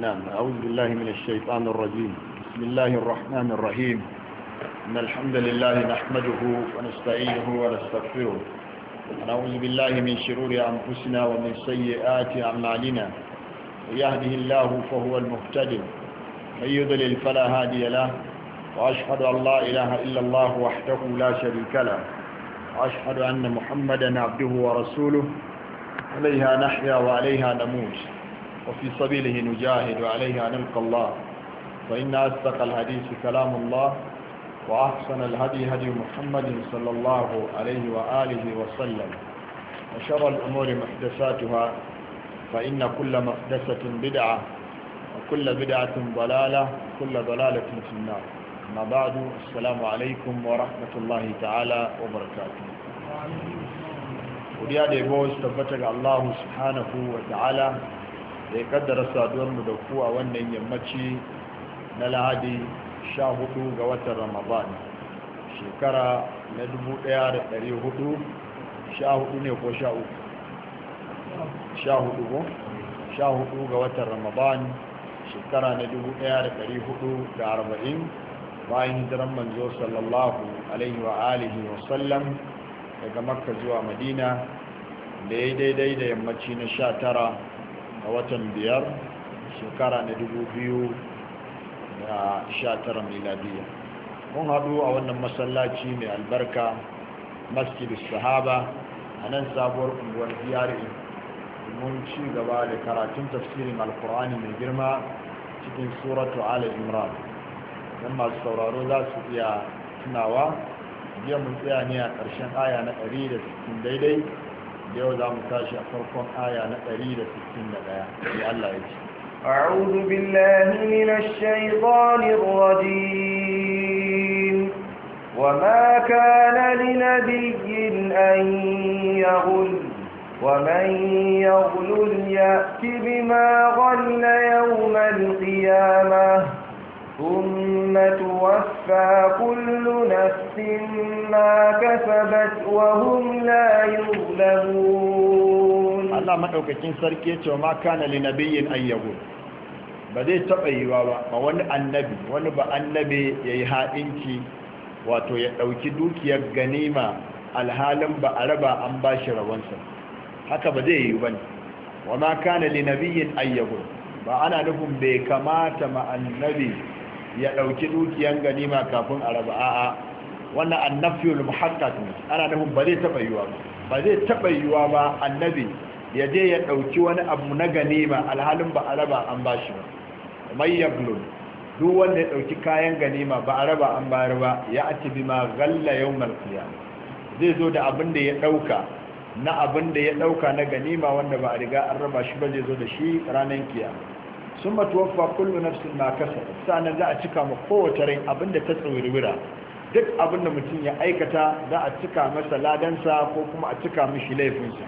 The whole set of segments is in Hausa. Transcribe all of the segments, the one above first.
نعم أعوذ بالله من الشيطان الرجيم بسم الله الرحمن الرحيم إن الحمد لله نحمده ونستعينه ونستغفره ونعوذ بالله من شرور أنفسنا ومن سيئات أعمالنا يهده الله فهو المهتد من يضلل فلا هادي له وأشهد أن لا إله إلا الله وحده لا شريك له وأشهد أن محمدا عبده ورسوله عليها نحيا وعليها نموت وفي سبيله نجاهد وعليه نلقى الله فإن أصدق الحديث كلام الله وأحسن الهدي هدي محمد صلى الله عليه وآله وسلم وشر الأمور محدثاتها فإن كل محدثة بدعة وكل بدعة ضلالة وكل ضلالة في النار ما بعد السلام عليكم ورحمة الله تعالى وبركاته ودي هذا بوز تبتغ الله سبحانه وتعالى da ya kaddara saduwarmu da kuwa wannan yammaci na lahadi 14 ga watan ramadan shekara na 1400 14 ne ko 14 14 ga watan ramadan shekara na 1440 bayan hijiran manzo sallallahu alaihi wa alihi wa sallam daga makka zuwa madina da ya daidai da yammaci na 19 a watan biyar shekara na dubu biyu da sha tara miladiya mun haɗu a wannan masallaci mai albarka masjid sahaba a nan sabuwar unguwar diyari mun ci gaba da karatun tafsirin alkur'ani mai girma cikin suratu ala imran don masu sauraro za su iya tunawa jiya mun tsaya ne a ƙarshen aya na 160 daidai yau za mu tashi آية farkon aya na أعوذ بالله من الشيطان الرجيم وما كان لنبي أن يغل ومن يغل يأتي بما غل يوم القيامة ثم توفى كل نفس ما كسبت وهم لا يظلمون الله ما دوكين sarki yace ma kana li nabiyyin an ba zai taba yiwa ba wani annabi wani ba annabi yayi haɗinci wato ya ɗauki dukiyar ganima alhalin ba a raba an bashi rawansa haka ba zai yi bane wa ma ba ana nufin bai kamata ma annabi ya ɗauki dukiyan ganima kafin a raba a'a wannan annafiyul muhakkak ne ana nufin ba zai taɓa yiwa ba zai taɓa yiwa ba annabi ya je ya ɗauki wani abu na ganima alhalin ba a raba an ba shi ba mai yablon duk wanda ya ɗauki kayan ganima ba a raba an bayar ba ya ati bi ma galla yau malkiya zai zo da abin da ya ɗauka na abin da ya ɗauka na ganima wanda ba a riga an raba shi ba zai zo da shi ranar kiyama sun matuwafa kullum na ma kasa sannan za a cika ma kowace rai abinda ta tsawirwira duk abinda mutum ya aikata za a cika masa ladansa ko kuma a cika mashi laifinsa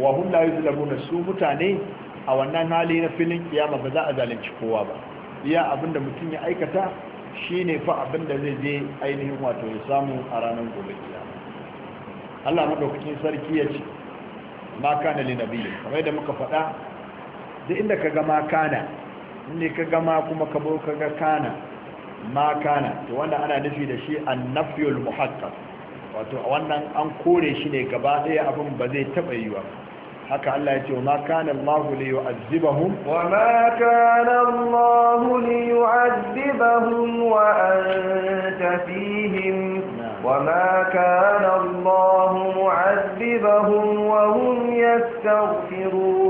wa hum la yuzlamuna su mutane a wannan hali na filin kiyama ba za a zalunci kowa ba iya abinda mutum ya aikata shi ne fa abinda zai je ainihin wato ya samu a ranar gobe kiyama Allah madaukakin sarki ya ce ma kana li nabiyyi kamar da muka faɗa da inda ka gama kana inda ka gama kuma ka ka ga kana ma kana to wannan ana nufi da shi annafiyul muhaqqaq wato wannan an kore shi ne gaba ɗaya abin ba zai taɓa yiwa haka Allah ya ce ma kana Allah li yu'azzibahum wa ma kana Allah li yu'azzibahum wa anta fihim wa ma kana Allah mu'azzibahum wa hum yastaghfirun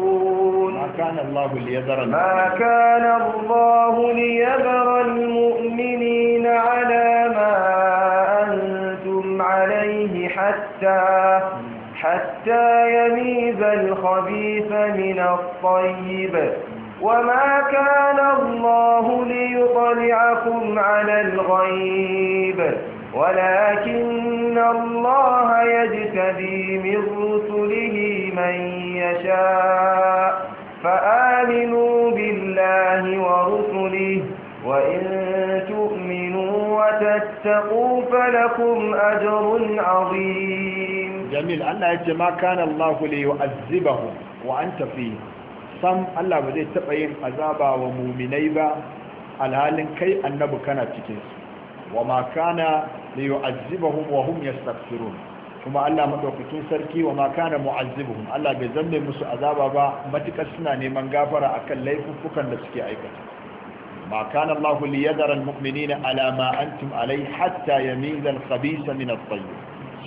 كان الله ليذر ما كان الله ليذر المؤمنين على ما أنتم عليه حتى حتى يميز الخبيث من الطيب وما كان الله ليطلعكم على الغيب ولكن الله يجتبي من رسله من يشاء فآمنوا بالله ورسله وإن تؤمنوا وتتقوا فلكم أجر عظيم جميل الله يتما كان الله ليعذبهم وأنت فيه sam Allah ba zai taɓa yin azaba wa muminai ba alhalin kai annabi kana cikinsu wa ma wa kuma Allah madaukakin sarki wa ma kana mu'azzibuhum Allah bai zanne musu azaba ba matukar suna neman gafara akan laifuffukan da suke aikata ma kana Allah li yadara almu'minina ala ma antum alai hatta yamiza alkhabisa min at-tayyib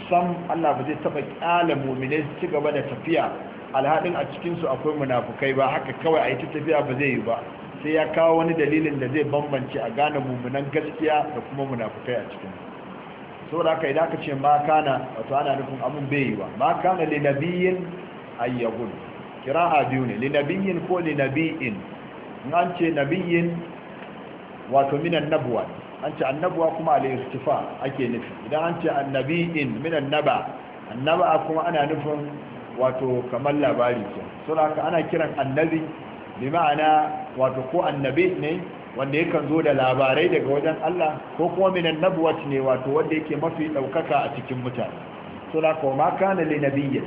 sam Allah ba zai taba kyale mu'minai su ci gaba da tafiya alhadin a cikin su akwai munafukai ba haka kawai a yi tafiya ba zai yi ba sai ya kawo wani dalilin da zai bambance a gane muminan gaskiya da kuma munafukai a cikin su da haka idan aka ce ma kana wato ana nufin abin bai yiwa ma kana li nabiyyin ayyagun a biyu ne li nabiyin ko li nabiyin in an ce nabiyin wato minan nabuwa an ce annabuwa kuma al-istifa ake nufi idan an ce annabiyin minan naba annaba kuma ana nufin wato kamar labari so da haka ana kiran annabi bi ma'ana wato ko annabi ne wanda yakan zo da labarai daga wajen Allah ko kuma minan nabuwat ne wato wanda yake mafi daukaka a cikin mutane so la kuma kana li nabiyya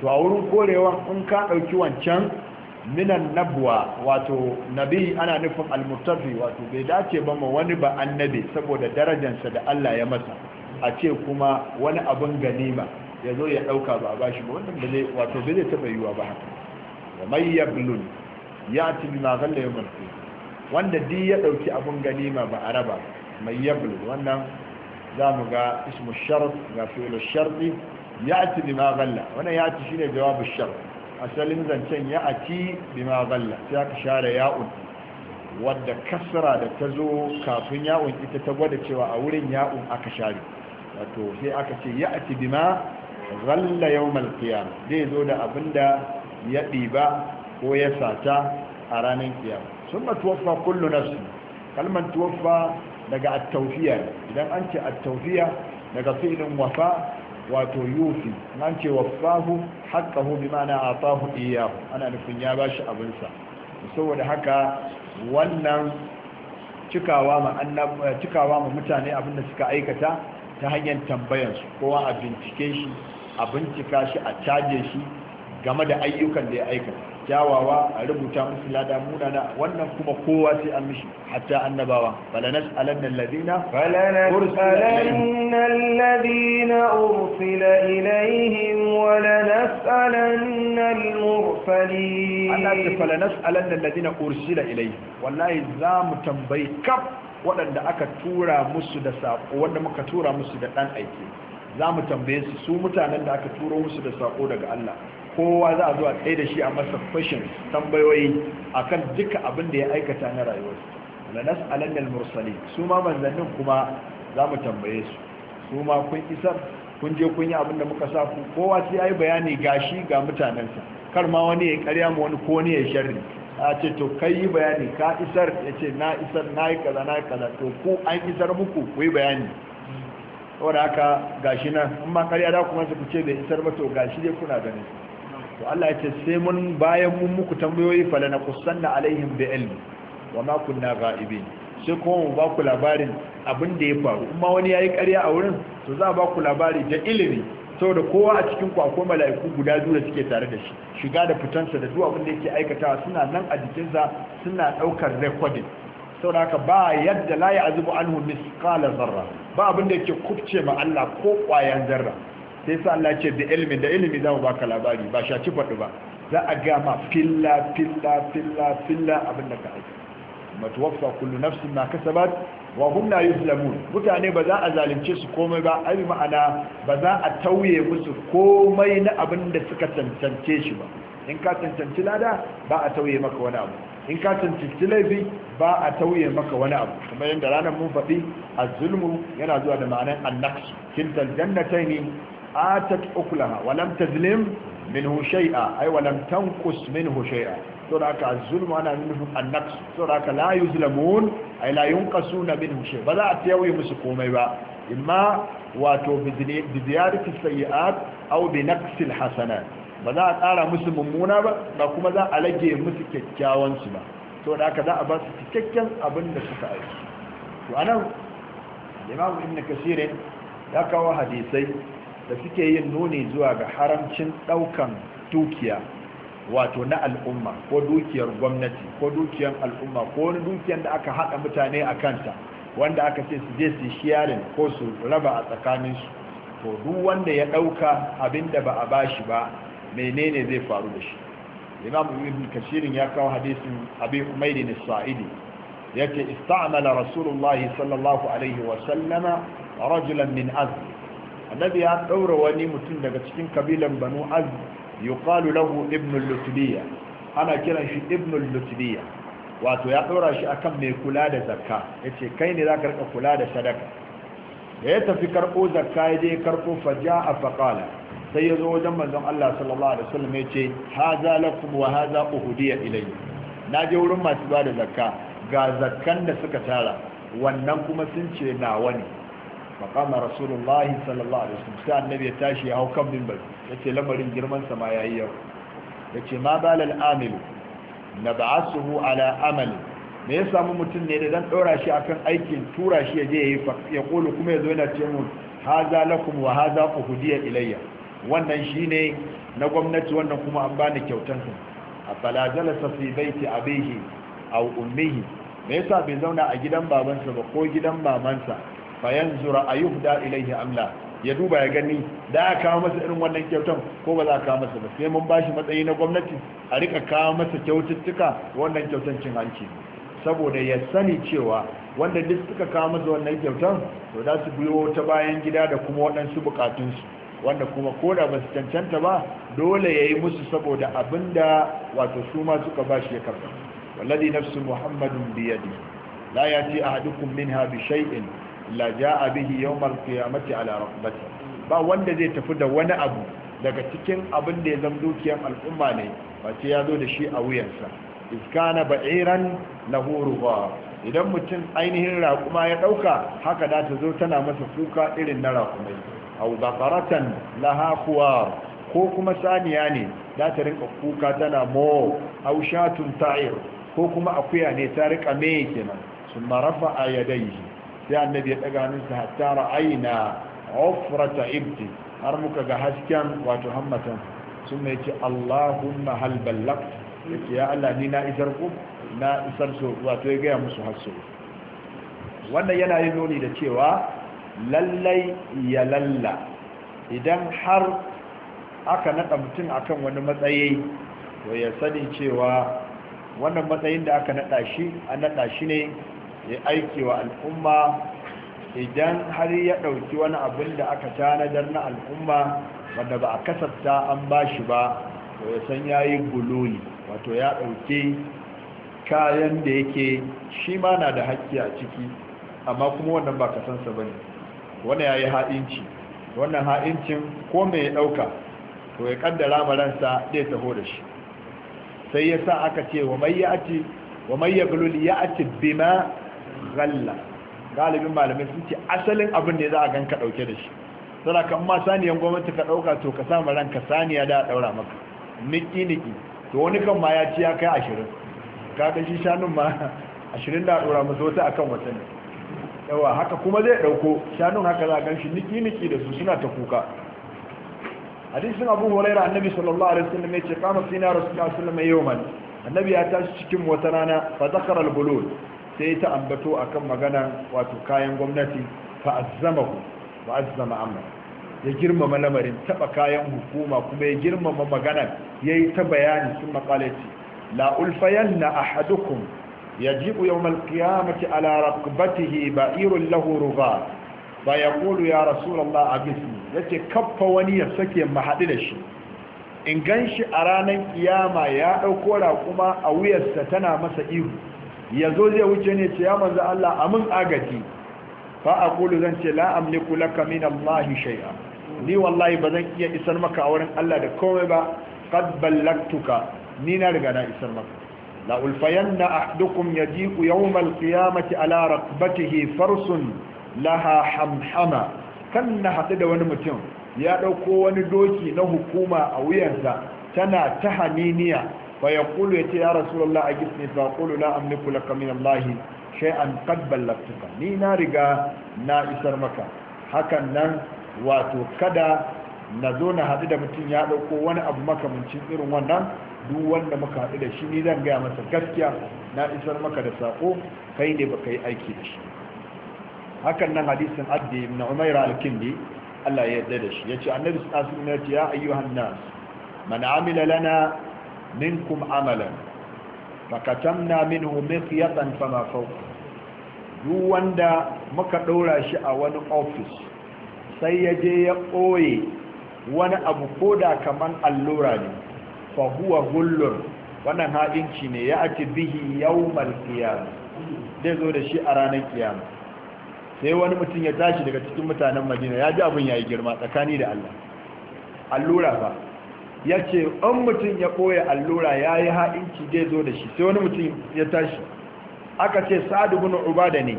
to a wurin korewan in ka dauki wancan minan nabuwa wato nabi ana nufin almuttafi wato bai dace ba ma wani ba annabi saboda darajarsa da Allah ya masa a ce kuma wani abin ganima ya zo ya dauka ba a bashi ba wannan wato bai zai taba yiwa ba haka wa may yablun ya'ti bima ghalla yawmal qiyamah wanda di ya ɗauki abun ganima ba a raba mai yablu wannan za mu ga ismu sharf ga fi'lu sharfi ya ci bi ma galla wannan ya ci shine jawabu sharf asalin zancen ya ci bi ma galla sai aka share ya'un wadda kasra da ta zo kafin ya'un ita ta gwada cewa a wurin ya'un aka share wato sai aka ce ya ci bi ma galla yawmal qiyam zai zo da abinda ya ɗiba ko ya sata a ranar kiyama sun matuwafa kullu nasu kalman tuwafa daga attaufiya idan an ce attaufiya daga filin wafa wato yufi an ce wafahu haƙahu bi mana a fahu iyahu ana nufin ya ba shi abinsa saboda haka wannan cikawa ma mutane abinda suka aikata ta hanyar tambayansu kowa a bincike shi a bincika shi a caje shi game da ayyukan da ya aikata kyawawa a rubuta musu lada munana wannan kuma kowa sai an mishi hatta annabawa falanas alannan ladina falanan ladina ursila ilaihim walanas alannan mursalin Allah ce falanas alannan ladina ursila ilaihim wallahi za mu tambayi kaf waɗanda aka tura musu da saƙo wanda muka tura musu da ɗan aiki za mu tambaye su su mutanen da aka turo musu da saƙo daga Allah kowa za a zo a tsaye da shi a masa fashin tambayoyi akan duka abin da ya aikata na rayuwarsa la nas'alanna al-mursalin su ma manzannin kuma za mu tambaye su su ma kun isar kun je kun yi abin da muka saku kowa sai yayi bayani gashi ga mutanensa kar ma wani ya karya ma wani ko ne ya sharri a ce to kai yi bayani ka isar ya ce na isar na yi kaza na kaza to ku an isar muku ku yi bayani saboda haka gashi nan amma karya da kuma su ku ce bai isar ba to gashi dai kuna ganin to Allah ya ce sai mun bayan mun muku tambayoyi fala na kusanna alaihim bi ilmi wa ma kunna ghaibin sai kuma mu ba ku labarin abin da ya faru kuma wani yayi ƙarya a wurin to za a ba ku labari da ilimi saboda kowa a cikin ku akwai mala'iku guda biyu da suke tare da shi shiga da fitansa da duk abin da yake aikatawa suna nan a jikinsa suna ɗaukar recording saboda haka ba yadda la ya azubu anhu misqala zarra ba abin da yake kubce ma Allah ko ƙwayan zarra sai sa Allah ce da ilimin da ilimin za mu baka labari ba shaci faɗi ba za a gama filla filla filla filla abin da ka aiki matuwaffa kullu nafsi ma kasabat wa hum la yuzlamun mutane ba za a zalunce su komai ba ai ma'ana ba za a tauye musu komai na abin da suka tantance shi ba in ka tantance lada ba a tauye maka wani abu in ka tantance laifi ba a tauye maka wani abu kamar yadda ranar mun faɗi az-zulmu yana zuwa da ma'anar an-naqs kintal jannatayn atat ukulaha walam tazlim minhu shay'a ay walam tanqus minhu shay'a to da aka ana nufin annaks to da aka la yuzlamun ay la yunqasuna minhu shay ba za a musu komai ba imma wato bi ziyarati sayyi'at aw bi naqsil hasanat ba za a tsara musu mummuna ba ba kuma za a rage musu kyakkyawan su ba to da aka za a ba su cikakken abin da suka aiki to anan imam ibn kasir ya kawo hadisai da suke yin nuni zuwa ga haramcin ɗaukan dukiya wato na al'umma ko dukiyar gwamnati ko dukiyar al'umma ko wani dukiyar da aka haɗa mutane a kanta wanda aka ce su je su shiyarin ko su raba a tsakanin su to duk wanda ya ɗauka abinda ba a bashi ba menene zai faru da shi imam ibn kashirin ya kawo hadisin abi umairi sa'idi yake ista'mala rasulullahi sallallahu alaihi wa sallama rajulan min azmi annabi ya ɗaura wani mutum daga cikin kabilan banu az yuqalu lahu ibn lutbiya ana kiran shi ibn lutbiya wato ya daura shi akan mai kula da zakka yace kai ne zaka rika kula da sadaka da ya tafi karɓo zakka ya je karɓo faja'a faqala sai yazo wajen manzon Allah sallallahu alaihi wasallam yace haza lakum wa haza uhudiya ilayya na je wurin masu ba da zakka ga zakkan da suka tara wannan kuma sun ce nawa ne maqama rasulullahi sallallahu alaihi wasallam sai annabi ya tashi ya hau kan minbar ce lamarin girman sa ma yayi yau yace ma balal amilu nab'asuhu ala amali me ya samu mutum ne da dan dora shi akan aikin tura shi ya je yayi ya kulu kuma yazo yana ce mu haza lakum wa haza uhudiya ilayya wannan shine na gwamnati wannan kuma an bani kyautan sa afala jalasa fi baiti abihi aw ummihi me yasa bai zauna a gidan babansa ba ko gidan mamansa fayanzura ayuhda ilaihi amla ya duba ya gani da a kawo masa irin wannan kyautan ko ba za a kawo masa ba sai mun bashi matsayi na gwamnati a rika kawo masa kyaututtuka wannan kyautan cin hanci saboda ya sani cewa wanda duk suka kawo masa wannan kyautan to za su biyo ta bayan gida da kuma waɗansu bukatunsu wanda kuma ko ba su cancanta ba dole ya yi musu saboda abin da wato su ma suka ba shi ya karɓa wallazi nafsu muhammadun biyadi la yati ahadukum minha bi shay'in la a bihi yawmal mace ala raqabati ba wanda zai tafi da wani abu daga cikin abin da ya zama dukiyar al'umma ne ba ce ya zo da shi a wuyansa na ba'iran na ruwa idan mutum ainihin raƙuma ya ɗauka haka da ta zo tana masa kuka irin na raƙumai au bakaratan laha kuwa ko kuma saniya ne da ta rinka kuka tana mo au shatun ta'ir ko kuma akuya ne ta rika me kenan sun marafa a yadaihi sai annabi ya daga hannunsa hatta ra'ayna ufrata ibti har muka ga hasken wato hammatan sun mai ce Allahumma hal ballaqta yace ya Allah ni na isar ku na isar so wato ya gaya musu hasso wannan yana yin nuni da cewa lallai ya lalla idan har aka naɗa mutum akan wani matsayi to ya sani cewa wannan matsayin da aka naɗa shi an naɗa shi ne ya aiki wa al'umma idan har ya ɗauki wani abin da aka tanadar na al'umma wanda ba a kasafta an ba shi ba to ya san ya yi gululi wato ya ɗauki kayan da yake shi ma na da haƙƙi a ciki amma kuma wannan ba kasansa ba ne wannan ya yi ha'inci wannan ha'incin ko mai ya ɗauka to ya ƙaddara maransa dai taho da shi sai ya sa aka ce wa mai ya ya ya bima ghalla galibin malamai sun ce asalin abin da za a ganka dauke da shi sai kan ma saniyan gwamnati ka dauka to ka samu ranka saniya da daura maka niki niki to wani kan ma ya ci ya kai 20 ga shi shanun ma 20 da daura masa wata akan wata ne yawa haka kuma zai dauko shanun haka za gan shi niki niki da su suna ta kuka hadisin abu huraira annabi sallallahu alaihi wasallam yace kana sina rasulullahi sallallahu alaihi wasallam yawman annabi ya tashi cikin wata rana fa zakara al-bulul sai ta ambato akan magana wato kayan gwamnati fa azzamahu wa azzama amma. ya girmama lamarin taba kayan hukuma kuma ya girmama magana yayi ta bayani sun maqalati la ulfayanna ahadukum yajibu yawm alqiyamati ala raqbatihi ba'irun lahu ruba ba yaqulu ya rasulullah Ya yace kaffa wani ya sake mahaɗi da shi in ganshi a ranar kiyama ya ɗauko raƙuma a wuyarsa tana masa ihu yazo zai wuce ne ce ya manzo Allah amin agaji fa aqulu zan ce la amliku laka min Allahi shay'a ni wallahi bazan iya isar maka a wurin Allah da komai ba qad ballaktuka ni na riga na isar maka la ulfayanna ahdukum yaji'u yawm al-qiyamati ala raqbatihi farsun laha hamhama kan na haɗu da wani mutum ya ɗauko wani doki na hukuma a wuyansa tana ta haniniya fa yaqulu yace ya rasulullah a gisni fa qulu la amliku laka min allah shay'an qad ballagtuka ni na riga na isar maka hakan nan wato kada na zo na haɗu da mutum ya ɗauko wani abu makamancin tsirin wannan duk wanda muka haɗu da shi ni zan gaya masa gaskiya na isar maka da saƙo kai ne baka yi aiki da shi hakan nan hadisin abdi na umaira alkindi Allah ya yarda da shi ya ce annabi sallallahu alaihi wasallam ya ayyuhan nas man amila lana minkum amalan fakatamna minhu miqyatan fama fawqa duk wanda muka ɗora shi a wani ofis sai ya je ya ɓoye wani abu ko da kaman allura ne fa huwa hullun wannan haɗinci ne ya ake bihi yawmal qiyam zai zo da shi a ranar kiyama sai wani mutum ya tashi daga cikin mutanen madina ya ji abin yayi girma tsakani da Allah allura fa ya ce an mutum ya ɓoye allura ya yi ha'inci zai zo da shi sai wani mutum ya tashi aka ce sa'adu bin ubada ne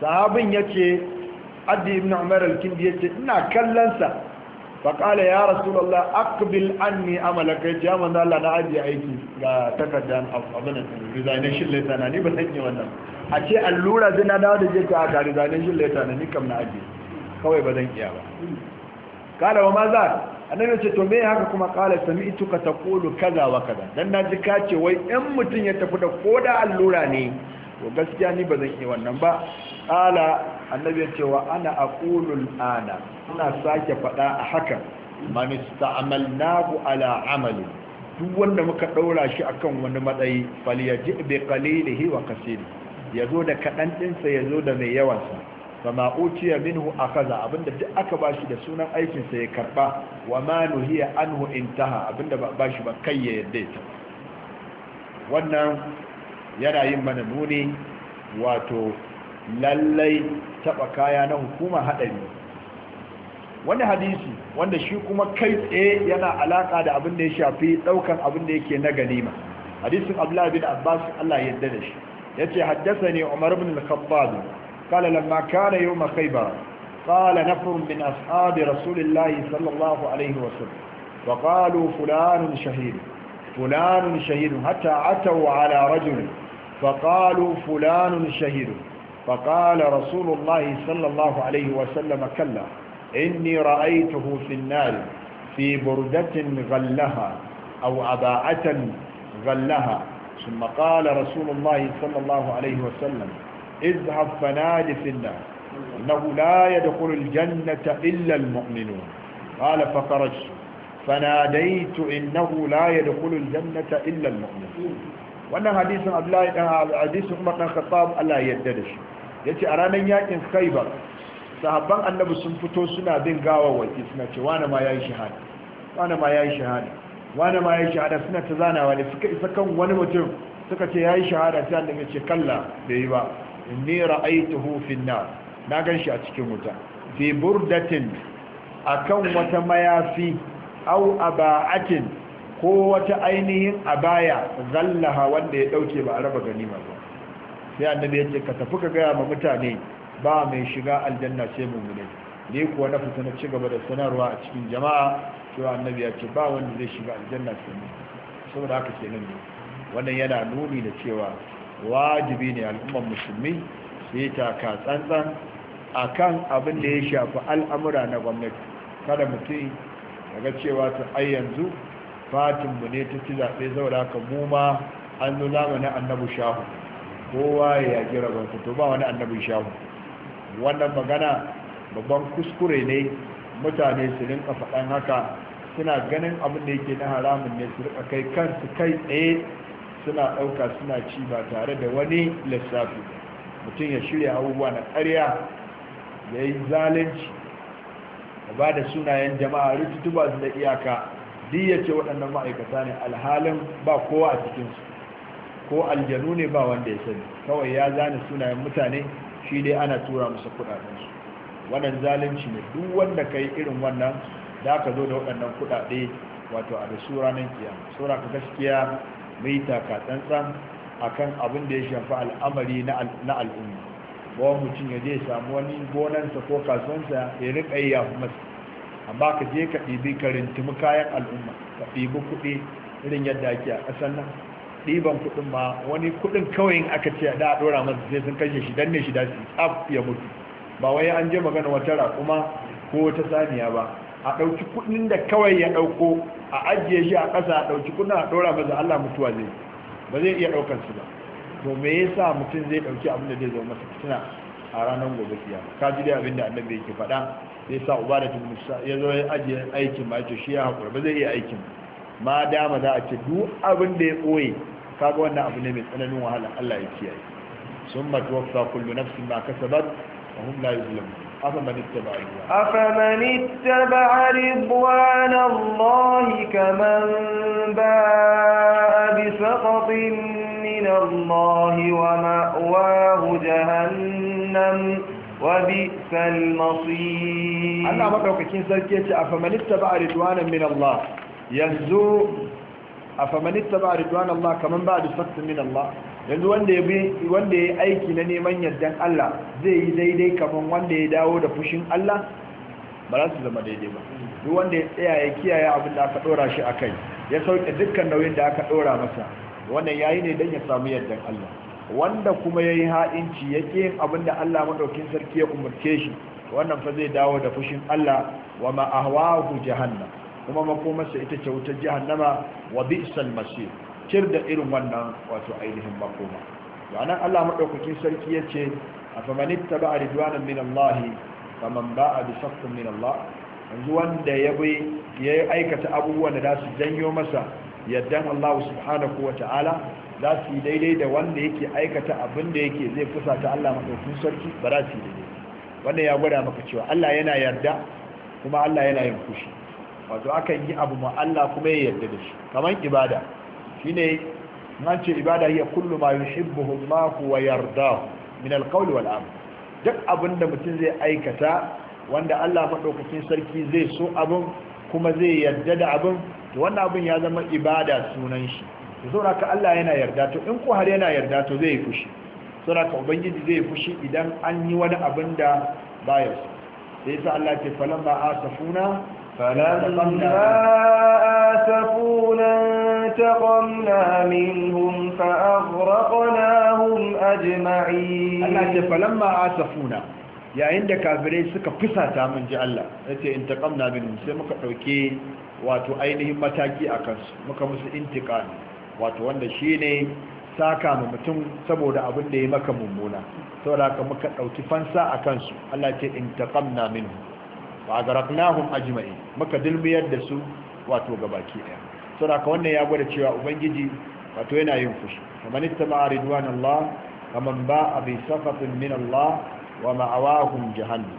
sahabin ya ce adi ibn umar al-kindi ya ce ina kallonsa faƙala ya rasulallah akbil an ne a ya manzo Allah na ajiye aiki ga takardar abinan shi letter na ni ba san yi wannan a ce allura zina dawo da je ka ga resignation letter na ni kam na ajiye kawai ba zan iya ba kala wa maza annabi ce to me haka kuma kala sami'tu ka taqulu kaza wa kaza dan naji ka ce wai in mutun ya tafi da koda allura ne to gaskiya ni bazan yi wannan ba kala annabi ce wa ana aqulu ana ina sake fada a haka man ista'malnahu ala amali duk wanda muka daura shi akan wani matsayi falyaji bi qalilihi wa kasiri yazo da kadan dinsa yazo da mai yawansa fa ma utiya minhu akaza abinda duk aka bashi da sunan aikin sa ya karba wa ma nuhiya anhu intaha abinda ba bashi ba kai ya yadda ta wannan yana yin mana nuni wato lallai taba kaya na hukuma hadari wani hadisi wanda shi kuma kai tsaye yana alaka da abin da ya shafi daukan abin da yake na ganima hadisin abdullahi bin abbas Allah ya yarda da shi yace haddathani umar ibn al-khattab قال لما كان يوم خيبر قال نفر من أصحاب رسول الله صلى الله عليه وسلم وقالوا فلان شهيد فلان شهيد حتى عتوا على رجل فقالوا فلان شهيد فقال رسول الله صلى الله عليه وسلم كلا إني رأيته في النار في بردة غلها أو أباعة غلها ثم قال رسول الله صلى الله عليه وسلم izhab fanadi finna innahu la yadkhulu aljannata illa almu'minun qala fa kharajtu fanadaitu innahu la yadkhulu aljannata illa almu'minun wannan hadisin Abdullahi dan hadisin Umar dan Khattab Allah yadda da shi yace a ranar yakin Khaibar sahabban annabi sun fito suna bin gawawaki suna ce wane ma ya yi shahada wane ma ya yi shahada wane ma ya yi shahada suna ta zanawa ne suka isa kan wani mutum suka ce ya yi shahada sai annabi ce kalla bai yi ba inni ra'aytuhu fin nar na ganshi a cikin wuta fi burdatin akan wata mayafi aw aba'atin ko wata ainihin abaya zallaha wanda ya dauke ba a raba ganima ba sai annabi yace ka tafi ka ga ma mutane ba mai shiga aljanna sai mu'mini ne kuwa na fita na ci gaba da sanarwa a cikin jama'a cewa annabi ya ce ba wanda zai shiga aljanna sai saboda haka nan ne wannan yana nuni da cewa wajibi ne al'ummar musulmi su yi taka tsantsan a kan abin da ya shafi al'amura na gwamnati kada mutum daga cewa ta ai yanzu mu ne ta ci zaɓe zaura ka mu an nuna mana annabu shahu kowa ya yaƙi rabonsa to ba wani annabu shahu wannan magana babban kuskure ne mutane su rinka faɗan haka suna ganin abin da yake na haramun ne su rika kai kansu kai tsaye suna ɗauka suna ci ba tare da wani lissafi mutum ya shirya abubuwa na ƙarya ya yi zalunci da ba da sunayen jama'a rututu ba su da iyaka duk ya ce waɗannan ma'aikata ne alhalin ba kowa a cikinsu ko aljanu ne ba wanda ya sani kawai ya zane sunayen mutane shi dai ana tura masa kuɗaɗensu wannan zalunci ne duk wanda ka yi irin wannan da aka zo da waɗannan kuɗaɗe wato a da sura nan kiyama sura ka gaskiya taka tsantsan a kan abin da ya shafi al'amari na al'umma ba mutum ya je samu wani gonarsa ko kasuwansa ya riƙa yi ya masa amma ka je ka ɗibi ka rintumi kayan al'umma ka ɗibi kuɗi irin yadda ake a ƙasar nan ɗiban kuɗin ma wani kuɗin kawai aka ce da a ɗora masa sai sun kashe shi danne shi da su tsaf ya mutu ba wai an je magana wata raƙuma ko wata saniya ba a ɗauki kuɗin da kawai ya ɗauko a ajiye shi a ƙasa a ɗauki kuɗin a ɗora maza Allah mutuwa zai ba zai iya ɗaukar su ba to me ya sa mutum zai ɗauki abin da zai zama masa fitina a ranar gobe kiyama ka ji dai abin da annabi yake faɗa zai sa uba da musa ya zo ya ajiye aikin ma ce shi ya haƙura ba zai iya aikin ma dama za a ce duk abin da ya ɓoye Ka ga wannan abu ne mai tsananin wahala Allah ya kiyaye sun matuwa kullu nafsin ma kasabat wa hum la yuzlamun أفمن اتبع رضوان أفمن اتبع رضوان الله كمن باء بسخط من الله ومأواه جهنم وبئس المصير أنا كين سلكيت أفمن اتبع رضوانا من الله يهزو أفمن اتبع رضوان الله كمن باء بسخط من الله yanzu wanda ya wanda ya aiki na neman yardan Allah zai yi daidai kaman wanda ya dawo da fushin Allah ba za su zama daidai ba duk wanda ya tsaya ya kiyaye abin da aka dora shi a kai ya sauke dukkan nauyin da aka dora masa wannan yayi ne dan ya samu yardan Allah wanda kuma yayi ha'inci ya yin abin da Allah madaukin sarki ya umurce shi wannan fa zai dawo da fushin Allah wa ma jahannam kuma makomarsa ita ce wutar jahannama wa bi'sal masir tir da irin wannan wato ainihin makoma ma'anan Allah maɗaukakin sarki yace ba a ridwanan min Allah kaman ba'a bi saffin min Allah yanzu wanda ya bi ya aikata abubuwan da su janyo masa yardan Allah subhanahu ta'ala, za su yi daidai da wanda yake aikata abin da yake zai fusata Allah madaukakin sarki ba za su yi daidai wannan ya gwada maka cewa Allah yana yarda kuma Allah yana yin fushi wato akan yi abu ma Allah kuma ya yarda da shi kaman ibada shine nan ce ibada hiya kullu ma yuhibbuhu Allah wa yarda min alqawli wal amal duk abinda mutum zai aikata wanda Allah madaukakin sarki zai so abin kuma zai yarda da abin to wannan abin ya zama ibada sunan shi to saboda ka Allah yana yarda to in ko har yana yarda to zai fushi saboda ka ubangiji zai fushi idan an yi wani abin da baya so sai yasa Allah ke falamma asafuna falamma asafuna فانتقمنا منهم فأغرقناهم أجمعين الله فلما آسفونا يا عند كافرين سكا فساتا من جاء الله التي انتقمنا منهم سمك حكي واتو أينهم متاكي أكس مكمس انتقام واتو وانا شيني saka ma mutum saboda abin da ya maka mummuna saboda haka muka ɗauki fansa a kansu Allah ce in taqamna minhu wa aghraqnahum muka dilmiyar da su wato gabaki ɗaya ka wannan ya gwada cewa ubangiji wato yana yin fushi kamar ma ridwan Allah kaman ba abi safatin min Allah wa ma'awahum jahannam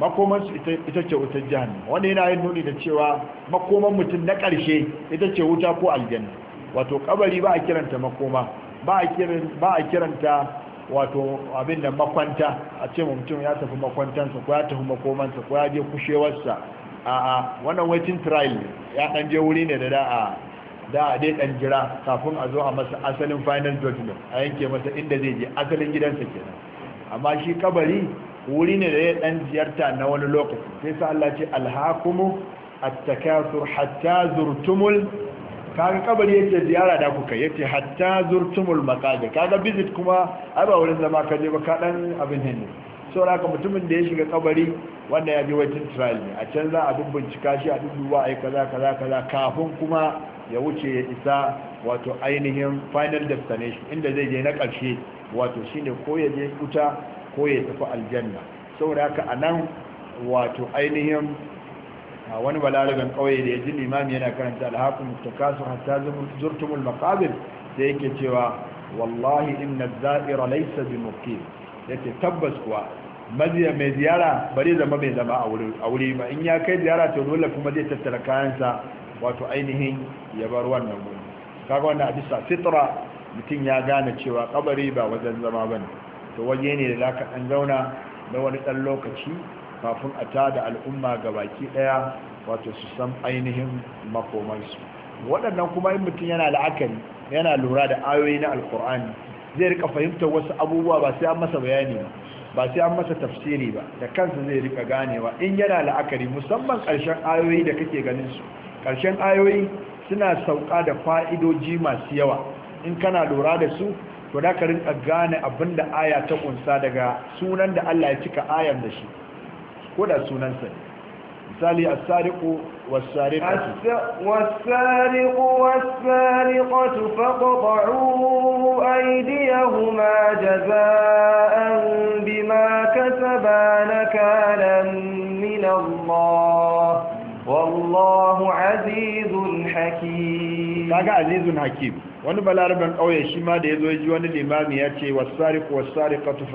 makoman su ita ce wutar jahannam wanda yana yin nuni da cewa makoman mutum na ƙarshe ita ce wuta ko aljanna wato kabari ba a kiranta makoma ba a ba a kiranta wato abin da makwanta a ce mutum ya tafi makwantansa ko ya tafi makomansa ko ya je kushewarsa a'a wannan waiting trial ya dan je wuri ne da da a da a dai dan jira kafin a zo a masa asalin final judgment a yanke masa inda zai je asalin gidansa kenan amma shi kabari wuri ne da ya dan ziyarta na wani lokaci sai sa Allah ce alhaqumu at-takathur hatta zurtumul kaga kabari yake ziyara da kuka yace hatta zurtumul maqabir kaga visit kuma ai ba wurin zama ka je ba ka dan abin ne saboda ka mutumin da ya shiga kabari wanda ya bi waiting trial ne a can za a cika shi a duduwa a yi kaza kaza kaza kafin kuma ya wuce ya isa wato ainihin final destination inda zai je na ƙarshe wato shine ko ya je kuta ko ya tafi aljanna saboda ka a nan wato ainihin a wani balaragan kauye da ya ji limami yana karanta alhakun takasu hatta zurtumul makabir da yake cewa wallahi inna za'ira laysa bimuqim yake tabbas kuwa mai ziyara bari zama mai zama a wuri ba in ya kai ziyara to dole kuma zai tattara kayansa wato ainihin ya bar wannan wuri kaga wannan a bisa fitra mutum ya gane cewa kabari ba wajen zama ba ne to waje ne da zaka dan zauna na wani dan lokaci kafin a tada al'umma ga baki daya wato su san ainihin makomansu waɗannan kuma in mutum yana la'akari yana lura da ayoyi na alkur'ani zai rika fahimtar wasu abubuwa ba sai an masa bayani ba ba sai an masa tafsiri ba da kansa zai rika ganewa in yana la'akari musamman ƙarshen ayoyi da kake ganin su ƙarshen ayoyi suna sauka da fa'idoji masu yawa in kana lura da su to da ka rinka gane abin da aya ta kunsa daga sunan da Allah ya cika ayan da shi ko da sunansa ne الثاني السارق والسارقة والسارق والسارقة فاقطعوا أيديهما جزاء بما كسبا نكالا من الله wallahu azizun hakim kaga azizun hakim wani balarban kauye shi ma da yazo ji wani limami yace ce was-sariq was-sariqatu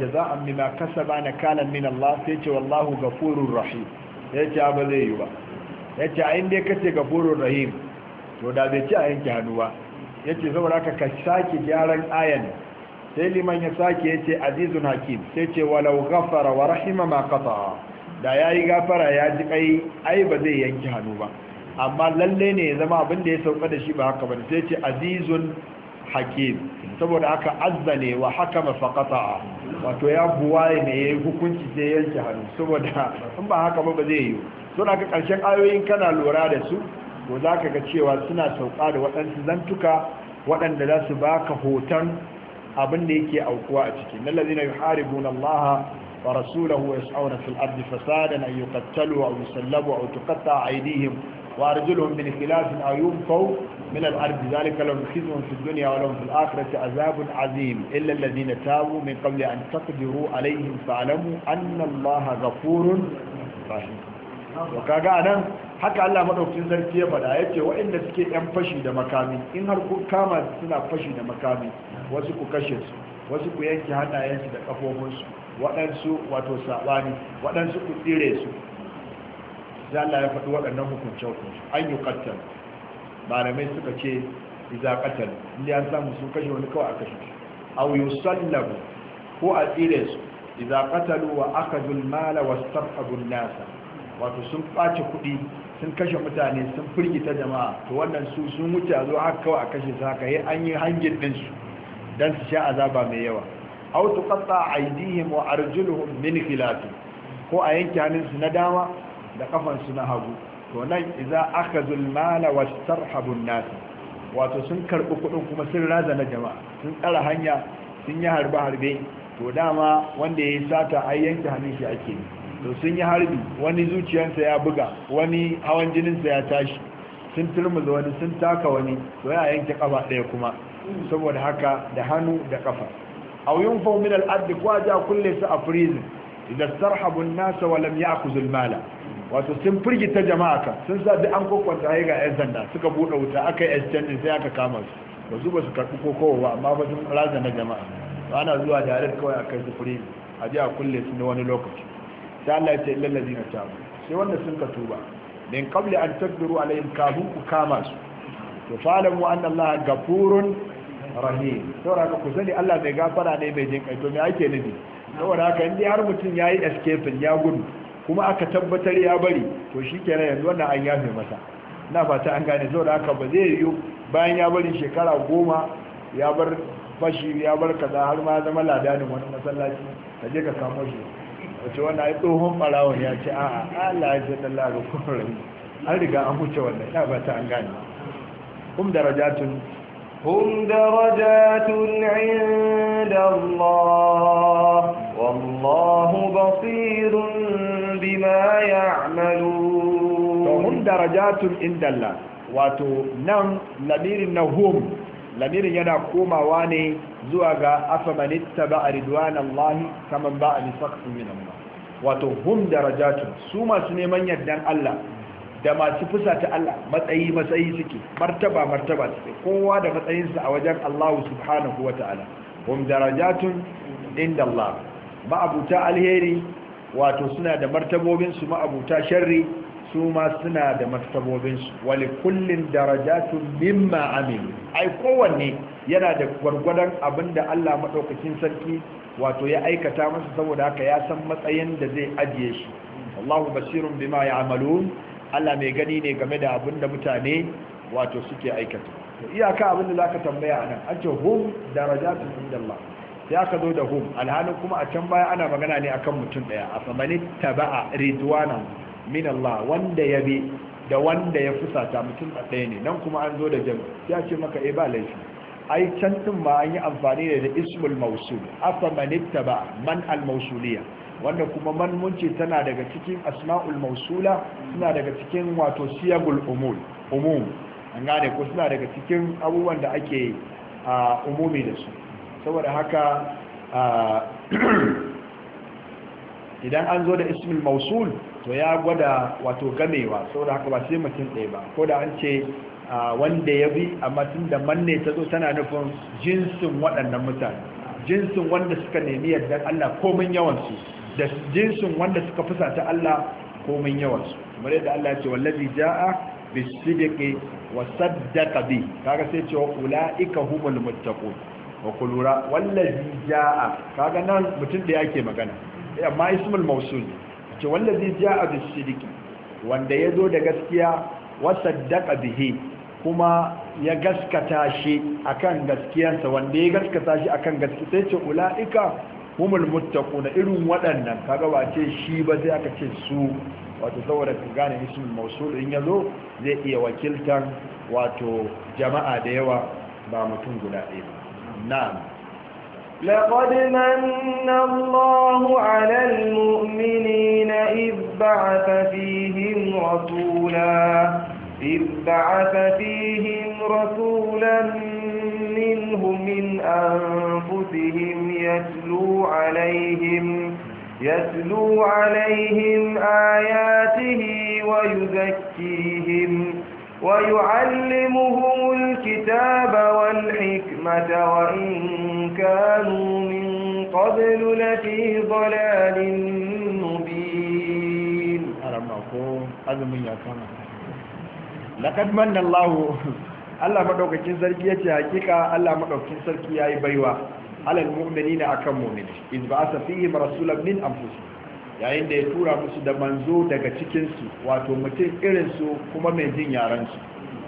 jazaa'an bima kasaba nakalan min Allah sai ce wallahu ghafurur rahim yace ba zai yi ba yace a inda kace ghafurur rahim to da bai ci a yanke hannu ba yace saboda haka ka saki gyaran ayan sai liman ya saki yace azizun hakim sai ce walau ghafara wa rahima ma qata'a da ya yi gafara ya ji kai ai ba zai yanki hannu ba amma lalle ne ya zama abin da ya sauka da shi ba haka ba sai ce azizun hakim saboda haka azzane wa hakama faqata wato ya buwa ne yi hukunci sai yanki hannu saboda in ba haka ba ba zai yi so ka karshen ayoyin kana lura da su ko za ka ga cewa suna sauka da waɗansu zantuka waɗanda za su baka hoton abin da yake aukuwa a ciki lallazina yuharibuna Allah ورسوله يسعون في الأرض فسادا أن يقتلوا أو يسلبوا أو تقطع أيديهم وأرجلهم من خلاف أو ينفوا من الأرض ذلك لهم خزي في الدنيا ولهم في الآخرة عذاب عظيم إلا الذين تابوا من قبل أن تقدروا عليهم فاعلموا أن الله غفور رحيم وكذا أنا haka Allah madaukakin sarki ya faɗa yace waɗanda suke ɗan fashi da makami in har ku kama suna fashi da makami wasu ku kashe su wasu ku yanke hannayensu da kafofinsu waɗansu wato saɓani waɗansu ku tsire su za Allah ya faɗi waɗannan hukunce hukunce an yi kattal malamai suka ce iza kattal inda ya samu sun kashe wani kawai a kashe a aw sallabu ko a tsire su a ƙatar wa aka zulmala wa wastafadu nasa wato sun ɓace kuɗi sun kashe mutane sun firgita jama'a to wannan su sun wuce a zo haka kawai a kashe su haka yayin an yi hangin ɗinsu don su sha azaba mai yawa aw tuqatta aydihim wa arjuluhum min khilaf ko a yanke hannunsu na dama da kafansu na hagu to nan idza akhadhu al-mala wastarhabu an-nas wato sun karbi kudin kuma sun raza na jama'a sun tsara hanya sun yi harbe harbe to dama wanda yayi sata ai yanke hannun shi ake to sun yi harbi wani zuciyarsa ya buga wani hawan jininsa ya tashi sun da wani sun taka wani to ya yanke kafa ɗaya kuma saboda haka da hannu da kafa aw yunfaw min al-ard a kulle su a prison idan sarhabu an-nas wa lam ya'khudhu al sun firgita jama'a ka sun sa duk kokwanta ai ga yan sanda suka buɗe wuta aka yi exchange sai aka kama su ba su ba su karbi kokowa ba amma ba sun raza na jama'a ba ana zuwa direct kawai akai su prison aje a kulle su na wani lokaci sai Allah ya ce illal ladina tabu sai wanda sun ka tuba min qabli an tadbiru alaihim kafu kama su to fa'lamu anna Allah ghafurun rahim saboda ka ne Allah mai gafara ne mai jin kai to me ake nufi saboda haka indai har mutum yayi escape ya gudu kuma aka tabbatar ya bari to shikenan yanzu wannan an yafe masa na fata an gane saboda haka ba zai yi bayan ya bari shekara goma ya bar fashi ya bar kaza har ma zama ladanin wani masallaci ka je ka samu shi wace wannan ai tsohon barawon ya ce a'a Allah ya ce Allah ga kuma an riga an huce wannan ya fata an gane kum darajatun هم درجات عند الله والله بصير بما يعملون هم درجات عند الله wato nan lamirin na hum lamirin yana komawa ne zuwa ga afamanitta ba a ridwan Allah kaman ba a nisaqtu min Allah wato hum darajatun su masu neman yardan Allah da masu fusa ta Allah matsayi matsayi suke martaba martaba suke kowa da matsayinsa a wajen Allah subhanahu wa ta'ala hum darajatun inda Allah ma'abuta alheri wato suna da martabobinsu. ma'abuta sharri su ma suna da martabobinsu. su wali kullin darajatun mimma amilu ai kowanne yana da gwargwadon abinda Allah madaukakin sarki wato ya aikata masa saboda haka ya san matsayin da zai ajiye shi Allahu basirun bima amalu. Allah mai gani ne game da abin da mutane wato suke aikata iyaka abin da zaka tambaya anan an ce hum darajatun indallah sai aka zo da hum alhalin kuma a can baya ana magana ne akan mutum daya a famani taba'a ridwana min Allah wanda ya bi da wanda ya fusata mutum ɗaya ne nan kuma an zo da jami ya ce maka eh ba laifi ai can din ma an yi amfani da ismul mausul afa man man al mausuliya wanda kuma man munce tana daga cikin asma'ul mausula suna daga cikin wato siyagul umul umum an gane ko suna daga cikin abubuwan da ake umumi da su saboda haka idan an zo da ismin mausul to ya gwada wato gamewa saboda haka ba sai mutum ɗaya ba ko da an ce wanda ya bi amma tun da manne ta zo tana nufin jinsin waɗannan mutane jinsin wanda suka nemi yadda Allah komin yawansu da jinsin wanda suka ta Allah komin yawansu kamar yadda Allah ya ce wallazi jaa bisidqi wa saddaqa bi kaga sai ce wa ulaika humul muttaqun wa kulura wallazi jaa kaga nan mutum da yake magana eh, amma ismul mawsul ce wallazi jaa bisidqi wanda zo da gaskiya wa saddaqa bihi kuma ya gaskata shi akan gaskiyarsa wanda ya gaskata shi akan gaskiya sai ce ulaika humul na irin waɗannan kaga ba ce shi ba zai aka ce su wato saboda ka gane ismul mausul in yazo zai iya wakiltar wato jama'a da yawa ba mutum guda ɗaya na'am لقد من الله على المؤمنين إذ فيهم رسولا إذ بعث فيهم رسولا منه من أنفسهم يتلو عليهم يتلو عليهم آياته ويزكيهم ويعلمهم الكتاب والحكمة وإن كانوا من قبل لفي ضلال مبين أذن لقد من الله Allah madaukakin sarki yace hakika Allah madaukakin sarki ya yi baiwa alal mu'minina akan mu'mini iz ba'atha fihim rasulan min anfusihim yayin da ya tura musu da manzo daga cikin su wato mutum irin su kuma mai jin yaran su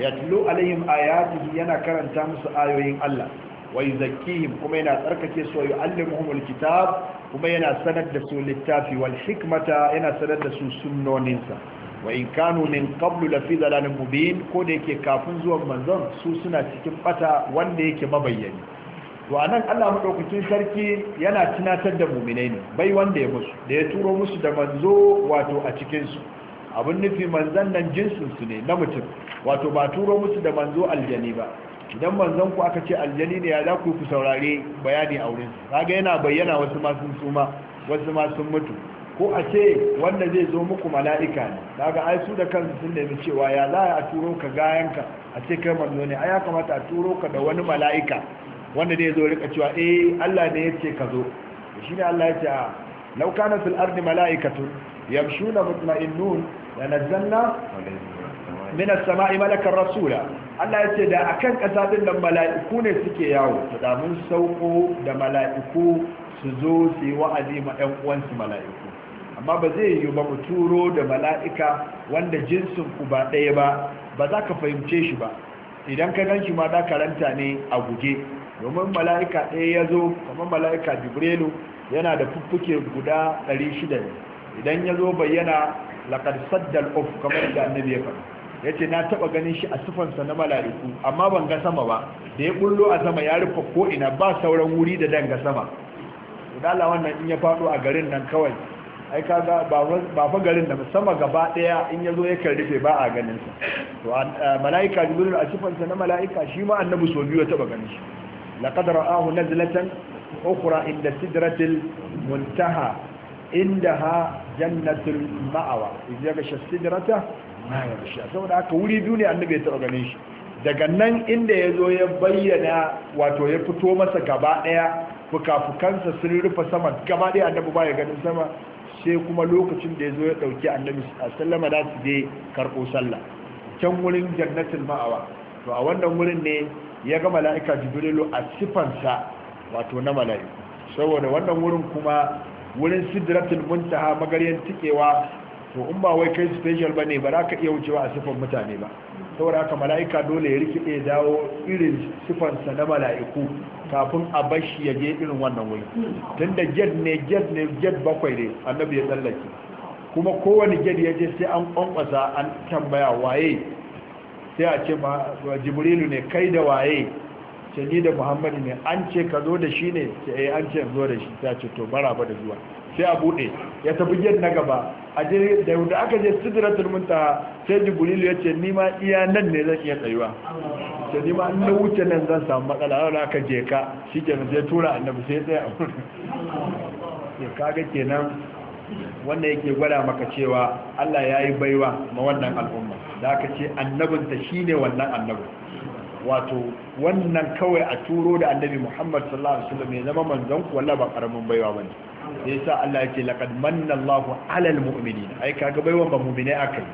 yatlu alaihim ayatihi yana karanta musu ayoyin Allah wa yuzakkihim kuma yana tsarkake su wa yu'allimuhumul kita kuma yana sanar da su littafi wal hikmata yana sanar da su sunnoninsa wa in kanu min qablu la fi dalalin mubin ko da yake kafin zuwan manzon su suna cikin bata wanda yake mabayyani to anan Allah madaukakin sarki yana tunatar da mu'minai ne bai wanda ya musu da ya turo musu da manzo wato a cikin su abin nufi manzon nan jinsin su ne na mutum wato ba turo musu da manzo aljani ba idan manzon ku aka ce aljani ne ya za ku ku saurare bayani a wurin kaga yana bayyana wasu ma suma wasu ma mutu ko a ce wanda zai zo muku mala'ika ne daga ai su da kansu sun nemi cewa ya za a turo ka gayanka a ce kai manzo ne ai ya kamata a turo ka da wani mala'ika wanda zai zo rika cewa eh Allah ne ya ce ka zo shi ne Allah ya ce a ah, law kana fil ardi mala'ikatun yamshuna mutma'innun lanazzalna min as-sama'i malakan rasula Allah ya ce da akan kasa din nan mala'iku ne suke yawo to da mun sauko da mala'iku su zo su yi wa'azi ma ɗan uwansu mala'iku amma ba zai yi ba mu turo da mala'ika wanda jinsin ku ba ɗaya ba ba za ka fahimce shi ba idan ka gan shi ma za karanta ne a guje domin mala'ika ɗaya ya zo kamar mala'ika jibrilu yana da fuffuke guda 600 idan ya zo bayyana laƙar saddal of kamar da annabi ya faru ya ce na taɓa ganin shi a sufansa na mala'iku amma ban ga sama ba da ya bullo a sama ya rufe ina ba sauran wuri da danga sama. Kudala wannan in ya faɗo a garin nan kawai ai ga ba fa garin da musamman gaba daya in yazo yakan rufe ba a ganin sa to eh, malaika jibril a sa na malaika shi ma annabi so biyu ta ba ganin shi laqad ra'ahu nazlatan ukhra inda sidratil muntaha indaha jannatul ma'awa idan ga sidrata ma yarsha saboda haka wuri biyu ne annabi ya taba ganin shi daga nan inda yazo ya bayyana wato ya fito masa gaba daya fukafukansa sun rufe sama gaba daya annabi ba ya ganin sama sai kuma lokacin da ya zo ya ɗauki annabi sallama da su je karɓo sallah can wurin jannatin ma'awa to a wannan wurin ne ya ga mala'ika jibrilu a sifansa wato na mala'iku saboda wannan wurin kuma wurin sidratul muntaha magaryan tikewa to in ba wai kai special ba ne ba za ka iya wucewa a sifan mutane ba saboda haka mala'ika dole ya rikide dawo irin siffansa na mala'iku kafin a bashi ya je irin wannan wuri tun da jed ne jed ne jed bakwai ne annabi ya tsallake kuma kowane jed ya je sai an kwankwasa an tambaya waye sai a ce ma jibrilu ne kai da waye ce ni da muhammadu ne an ce ka zo da shi ne sai eh, an ce zo da shi a ce to bara ba da zuwa sai a buɗe ya tafi gate na gaba a je da aka je sidratul muntaha sai jibril ya ce ni iya nan ne zai iya tsayuwa sai ni ma na wuce nan zan samu matsala yau aka je ka shi ke sai tura annabi sai tsaya a wurin ya kaga kenan wanda yake gwada maka cewa Allah ya yi baiwa ma wannan al'umma da aka ce annabinta shi ne wannan annabin wato wannan kawai a turo da annabi muhammad sallallahu alaihi wasallam ya zama manzon kuwa ba karamin baiwa bane yasa Allah yake laqad manna Allahu 'alal mu'minina ai kaga baiwa ba mu'minai akai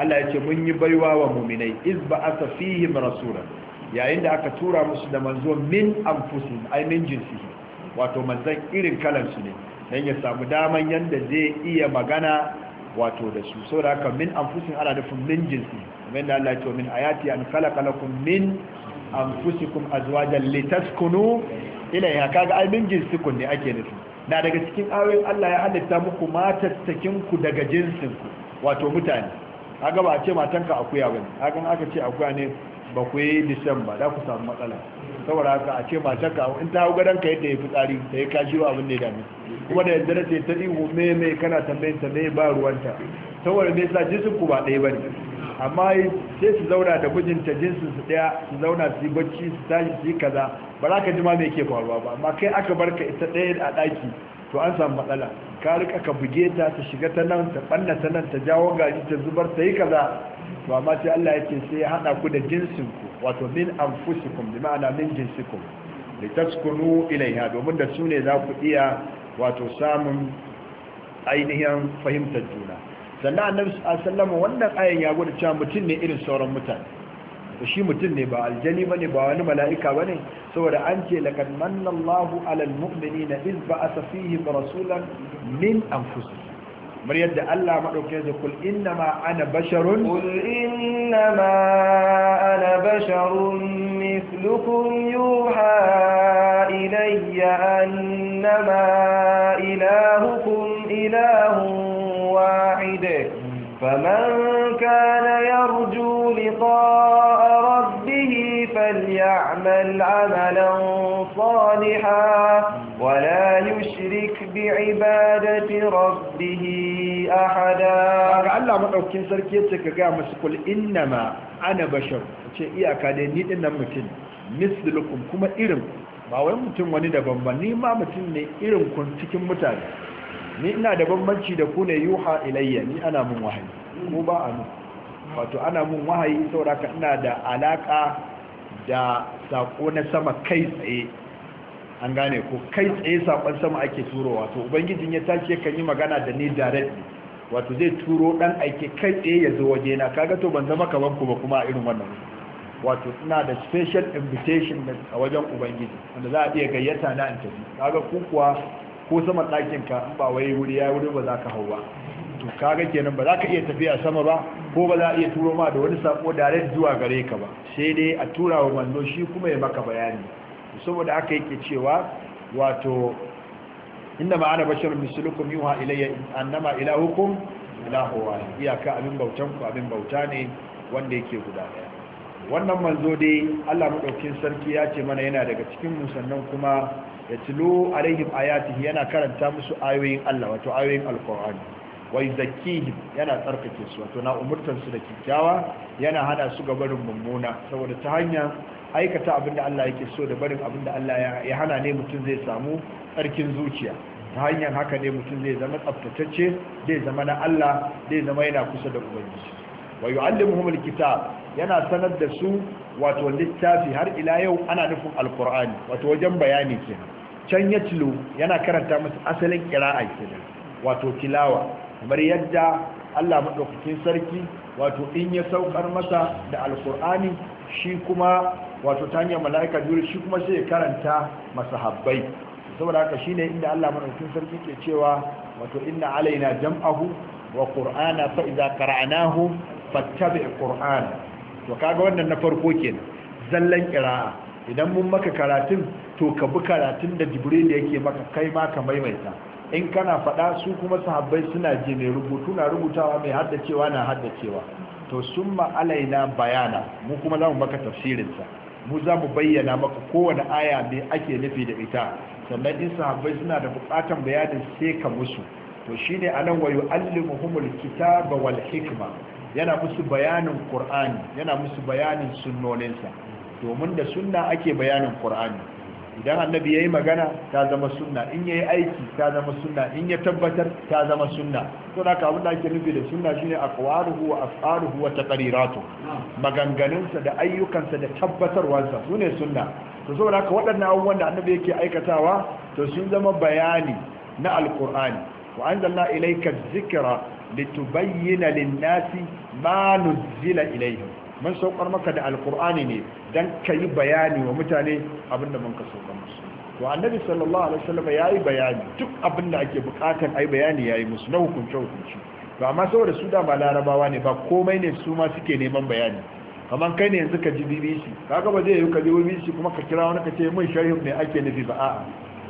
Allah yake mun yi baiwa wa mu'minai iz ba'atha fihim rasulan yayin da aka tura musu da manzo min anfusihim ai min jinsihi wato manzan irin kalan su ne dan ya samu daman yanda zai iya magana wato da su so haka min anfusihim ana fun min jinsi kamar da Allah ya min ayati an khalaqa lakum min anfusikum azwajan litaskunu ilaiha kaga ai min jinsikum ne ake nufi na daga cikin ayoyin Allah ya halitta muku matattakin ku daga jinsin ku wato mutane kaga ba a ce matanka akuya bane kaga aka ce akuya ne ba ku yi disamba da ku samu matsala saboda haka a ce matanka in ta hau gadon ka yadda ya fi tsari ta yi kashi wa abin da ya kuma da yadda ce ta ihu me me kana tambayin ta me ba ruwanta saboda me yasa jinsin ku ba ɗaya bane amma sai su zauna da mijinta jinsin su daya su zauna su yi bacci su tashi su yi kaza ba za ka ji ma mai ke faruwa ba amma kai aka bar ka ita daya a daki to an samu matsala ka rika ka buge ta ta shiga ta nan ta banna ta nan ta jawo gari ta zubar ta yi kaza to amma sai Allah yake sai ya hada ku da jinsin wato min anfusikum bi ma'ana min jinsikum litaskunu ilaiha domin da su ne za ku iya wato samun ainihin fahimtar juna sannan annabi sallama wannan ayan ya gwada cewa mutum ne irin sauran mutane shi mutum ne ba aljani ne ba wani mala'ika bane saboda an ce laqad manna Allahu 'alal na iz ba'atha fihim rasulan min fusu, mar yadda Allah madauke da kul inna ma ana basharun inna ma ana basharun mislukun yuha ilayya annama ilahukum ilahun واحد فمن كان يرجو لقاء ربه فليعمل عملا صالحا ولا يشرك بعبادة ربه أحدا الله مدعوكين سركيتك قام سقل إنما أنا بشر شيء إياك ديني إنما متن مثلكم كما إرم ba wai mutum wani daban ba ni ma mutum ne irin kun cikin mutane ni ina da bambanci da ku ne yuha ilayya ni ana mun wahayi ko ba a wato ana mun wahayi saboda ina da alaka da sako na sama kai tsaye an gane ko kai tsaye sakon sama ake turo wato ubangijin ya tashi kan yi magana da ni directly wato zai turo dan aike kai tsaye ya zo waje na kaga to ban zama kaman ku ba kuma a irin wannan wato ina da special invitation a wajen ubangiji wanda za a iya gayyata na in tafi kaga ku kuwa ko sama ɗakin ka ba wai wuri ya wuri ba za ka hau ba to kaga kenan ba za ka iya tafiya sama ba ko ba za a iya turo ma da wani sako direct zuwa gare ka ba sai dai a tura wa manzo shi kuma ya maka bayani saboda haka yake cewa wato inda ma ana basharun mislukum yuha ilayya annama ilahukum ilahu wahid iyaka abin bautan ku abin bauta ne wanda yake guda daya wannan manzo dai Allah madaukin sarki ya ce mana yana daga cikin musannan kuma ya tilo alaihim yana karanta musu ayoyin Allah wato ayoyin alkur'ani wai yuzakkihim yana tsarkake su wato na umurtan su da kyakkyawa yana hana su ga barin mummuna saboda ta hanya aikata abin da Allah yake so da barin abin da Allah ya hana ne mutum zai samu tsarkin zuciya ta hanyar haka ne mutum zai zama tsaftatacce zai zama na Allah zai zama yana kusa da ubangiji wa yu'allimuhum alkitab yana sanar da su wato littafi har ila yau ana nufin alqur'ani wato wajen bayani kenan can ya tilo yana karanta masu asalin kira'a kenan wato tilawa kamar yadda Allah maɗaukakin sarki wato in ya saukar masa da alkur'ani shi kuma wato ta hanyar mala'ika jibril shi kuma sai ya karanta habbai. saboda haka shi ne inda Allah maɗaukakin sarki ke cewa wato inna alaina jam'ahu wa qur'ana fa idza qara'nahu fattabi' qur'ana to kaga wannan na farko kenan zallan qira'a idan mun maka karatun to ka bi karatun da jibril yake maka kai ma ka maimaita in kana faɗa su kuma sahabbai suna je mai rubutu na rubutawa mai haddacewa na haddacewa to summa alaina bayana mu kuma za mu maka tafsirinsa mu za mu bayyana maka kowane aya me ake nufi da ita sannan in sahabbai suna da buƙatar bayanin sai ka musu to shine anan wayo allimuhumul kitaba wal hikma yana musu bayanin qur'ani yana musu bayanin sunnoninsa domin da sunna ake bayanin qur'ani idan annabi yayi magana ta zama sunna in yayi aiki ta zama sunna in ya tabbatar ta zama sunna to da abin da ake nufi da sunna shine aqwaluhu wa af'aluhu wa taqriratu maganganunsa da ayyukansa da tabbatarwarsa sune sunna to saboda haka waɗannan abubuwan da annabi yake aikatawa to sun zama bayani na alqur'ani wa anzalna ilayka adh-dhikra litubayyana lin-nasi ma nuzila ilayhim mun saukar maka da alkur'ani ne dan kayi bayani wa mutane abinda mun ka saukar musu to annabi sallallahu alaihi wasallam yayi bayani duk abinda ake bukatar ai bayani yayi musu na hukunci hukunci to amma saboda su da ba larabawa ne ba komai ne su ma suke neman bayani kamar kai ne yanzu ka ji BBC kaga ba zai yi ka ji BBC kuma ka kira wani ka ce mun sharhi ne ake nufi ba a'a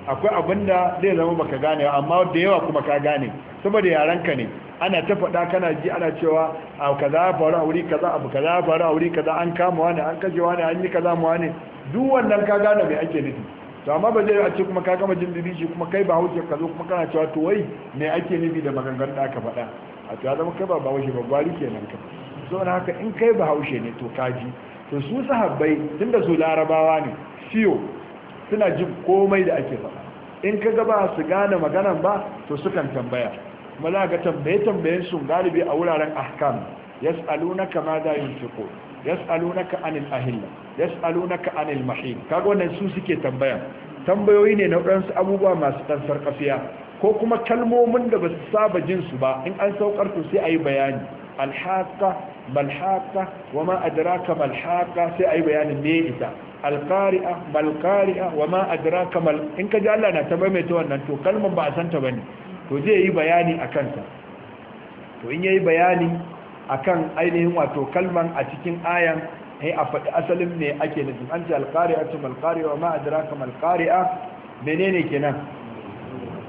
akwai abin da zai zama baka gane amma da yawa kuma ka gane saboda yaranka ne ana ta faɗa kana ji ana cewa a kaza faru a wuri kaza abu a faru a wuri kaza an kama wani an kashe wani an yi kaza mu wani duk wannan ka gane mai ake nufi to amma ba zai yi a ce kuma ka gama jin dubi shi kuma kai ba hauce ka zo kuma kana cewa to wai me ake nufi da maganganun da aka faɗa a to ya zama kai ba ba hauce ba gwari kenan ka so na haka in kai ba haushe ne to kaji to su sahabbai tunda su larabawa ne siyo suna jin komai da ake faɗa in ka gaba su gane maganan ba to sukan tambaya kuma za ga tambaye tambayen sun galibi a wuraren ahkam yas'alunaka ma da yunfiqu yas'alunaka anil ahilla yas'alunaka anil mahil kaga wannan su suke tambaya tambayoyi ne na waɗansu abubuwa masu dan sarƙafiya. ko kuma kalmomin da ba su saba jin su ba in an saukar su sai ayi bayani alhaqa wa ma adraka malhaqa sai ayi bayanin me ita alqari'a bal qari'a wa ma adraka mal in ka ji Allah na ta mai ta wannan to kalmar ba a santa bane to zai yi bayani akan ta to in yayi bayani akan ainihin wato kalman a cikin ayan ai a faɗi asalin ne ake nufin an ce alqari'atu ce qari'a wa ma adraka mal qari'a menene kenan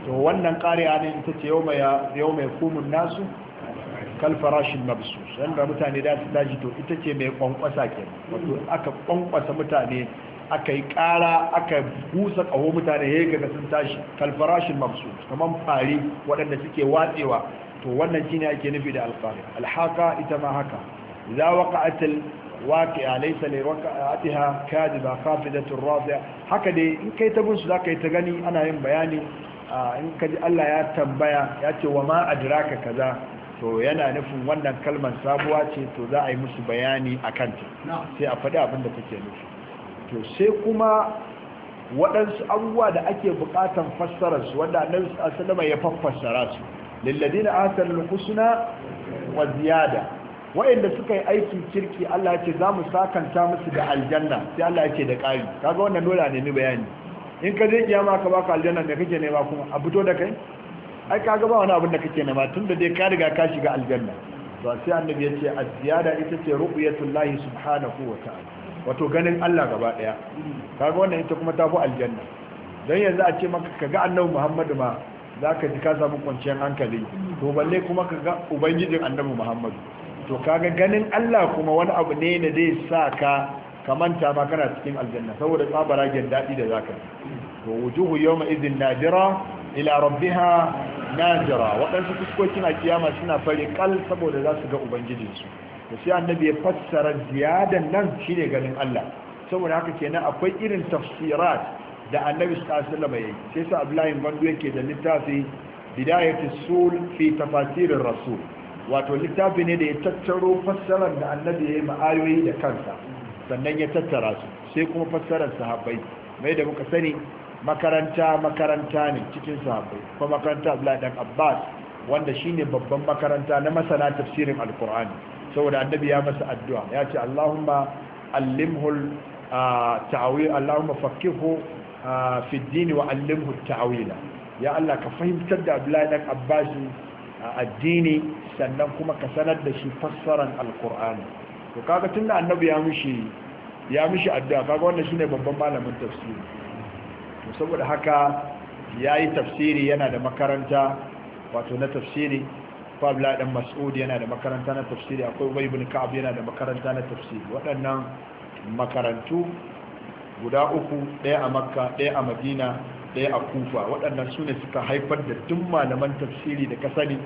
to wannan qari'a ne ita ce yau mai kumun nasu kalfarashin mabsus yadda mutane da su daji to ita ce mai kwankwasa ke wato aka kwankwasa mutane aka yi kara aka busa kaho mutane ya yi gaga sun tashi kalfarashin mabsus kamar fari waɗanda suke watsewa to wannan shine ake nufi da alfari alhaka ita ma haka za waqa'atil waqi'a laysa li waqa'atiha kadiba khafidatur rafi'a haka dai in kai ta busu su zaka yi ta gani ana yin bayani ah, in kaji Allah ya tambaya ya ce wa ma adraka kaza to yana nufin wannan kalmar sabuwa ce to za a yi musu bayani a kanta sai a faɗi abin da take nufi to sai kuma waɗansu abubuwa da ake buƙatan fassararsu wanda annabi sallama ya faffassara su lilladina ahsanul husna wa ziyada wa'inda suka yi aiki kirki Allah yake za mu sakanta musu da aljanna sai Allah yake da ƙari kaga wannan dole ne ni bayani in ka je kiyama ka baka aljanna da kake nema kuma a fito da kai ai kaga ba wani abin da kake nema tunda dai ka riga ka shiga aljanna to sai annabi yace az-ziyada ita ce ru'yatullahi subhanahu wa ta'ala wato ganin Allah gaba daya kaga wannan ita kuma tafi aljanna dan yanzu a ce maka kaga annabi Muhammadu ma zaka ji ka samu kwanciyar hankali to balle kuma kaga ubangijin annabi Muhammadu to kaga ganin Allah kuma wani abu ne da zai sa ka kamanta ma kana cikin aljanna saboda tsabaragen daɗi da zaka to wujuhu yawma idhin nadira ila rabbiha najira waɗansu kuskokin a kiyama suna fari kal saboda za su ga ubangijinsu da sai annabi ya fassara ziyadan nan shine ganin Allah saboda haka kenan akwai irin tafsirat da annabi sallallahu alaihi wasallam yayi sai sa Abdullahi Bandu yake da littafi bidayatu sul fi tafatir rasul wato littafi ne da ya tattaro fassarar da annabi yayi ma'ayoyi da kansa sannan ya tattara su sai kuma fassarar sahabbai mai da muka sani makaranta makaranta ne cikin sahabbai kuma makaranta Abdullahi Abbas wanda shine babban makaranta na masana tafsirin alkur'ani saboda annabi ya masa addu'a ya ce Allahumma allimhu ta'wil Allahumma faqihu fi wa allimhu ta'wila ya Allah ka fahimtar da Abdullahi dan Abbas addini sannan kuma ka sanar da shi fassaran alkur'ani to kaga tunda annabi ya mishi addu'a kaga wannan shine babban malamin tafsiri to saboda haka ya yi tafsiri yana da makaranta wato na tafsiri fabla dan mas'ud yana da makaranta na tafsiri akwai ubay ibn ka'ab yana da makaranta na tafsiri waɗannan makarantu guda uku ɗaya a makka ɗaya a madina ɗaya a kufa waɗannan su ne suka haifar da duk malaman tafsiri da kasani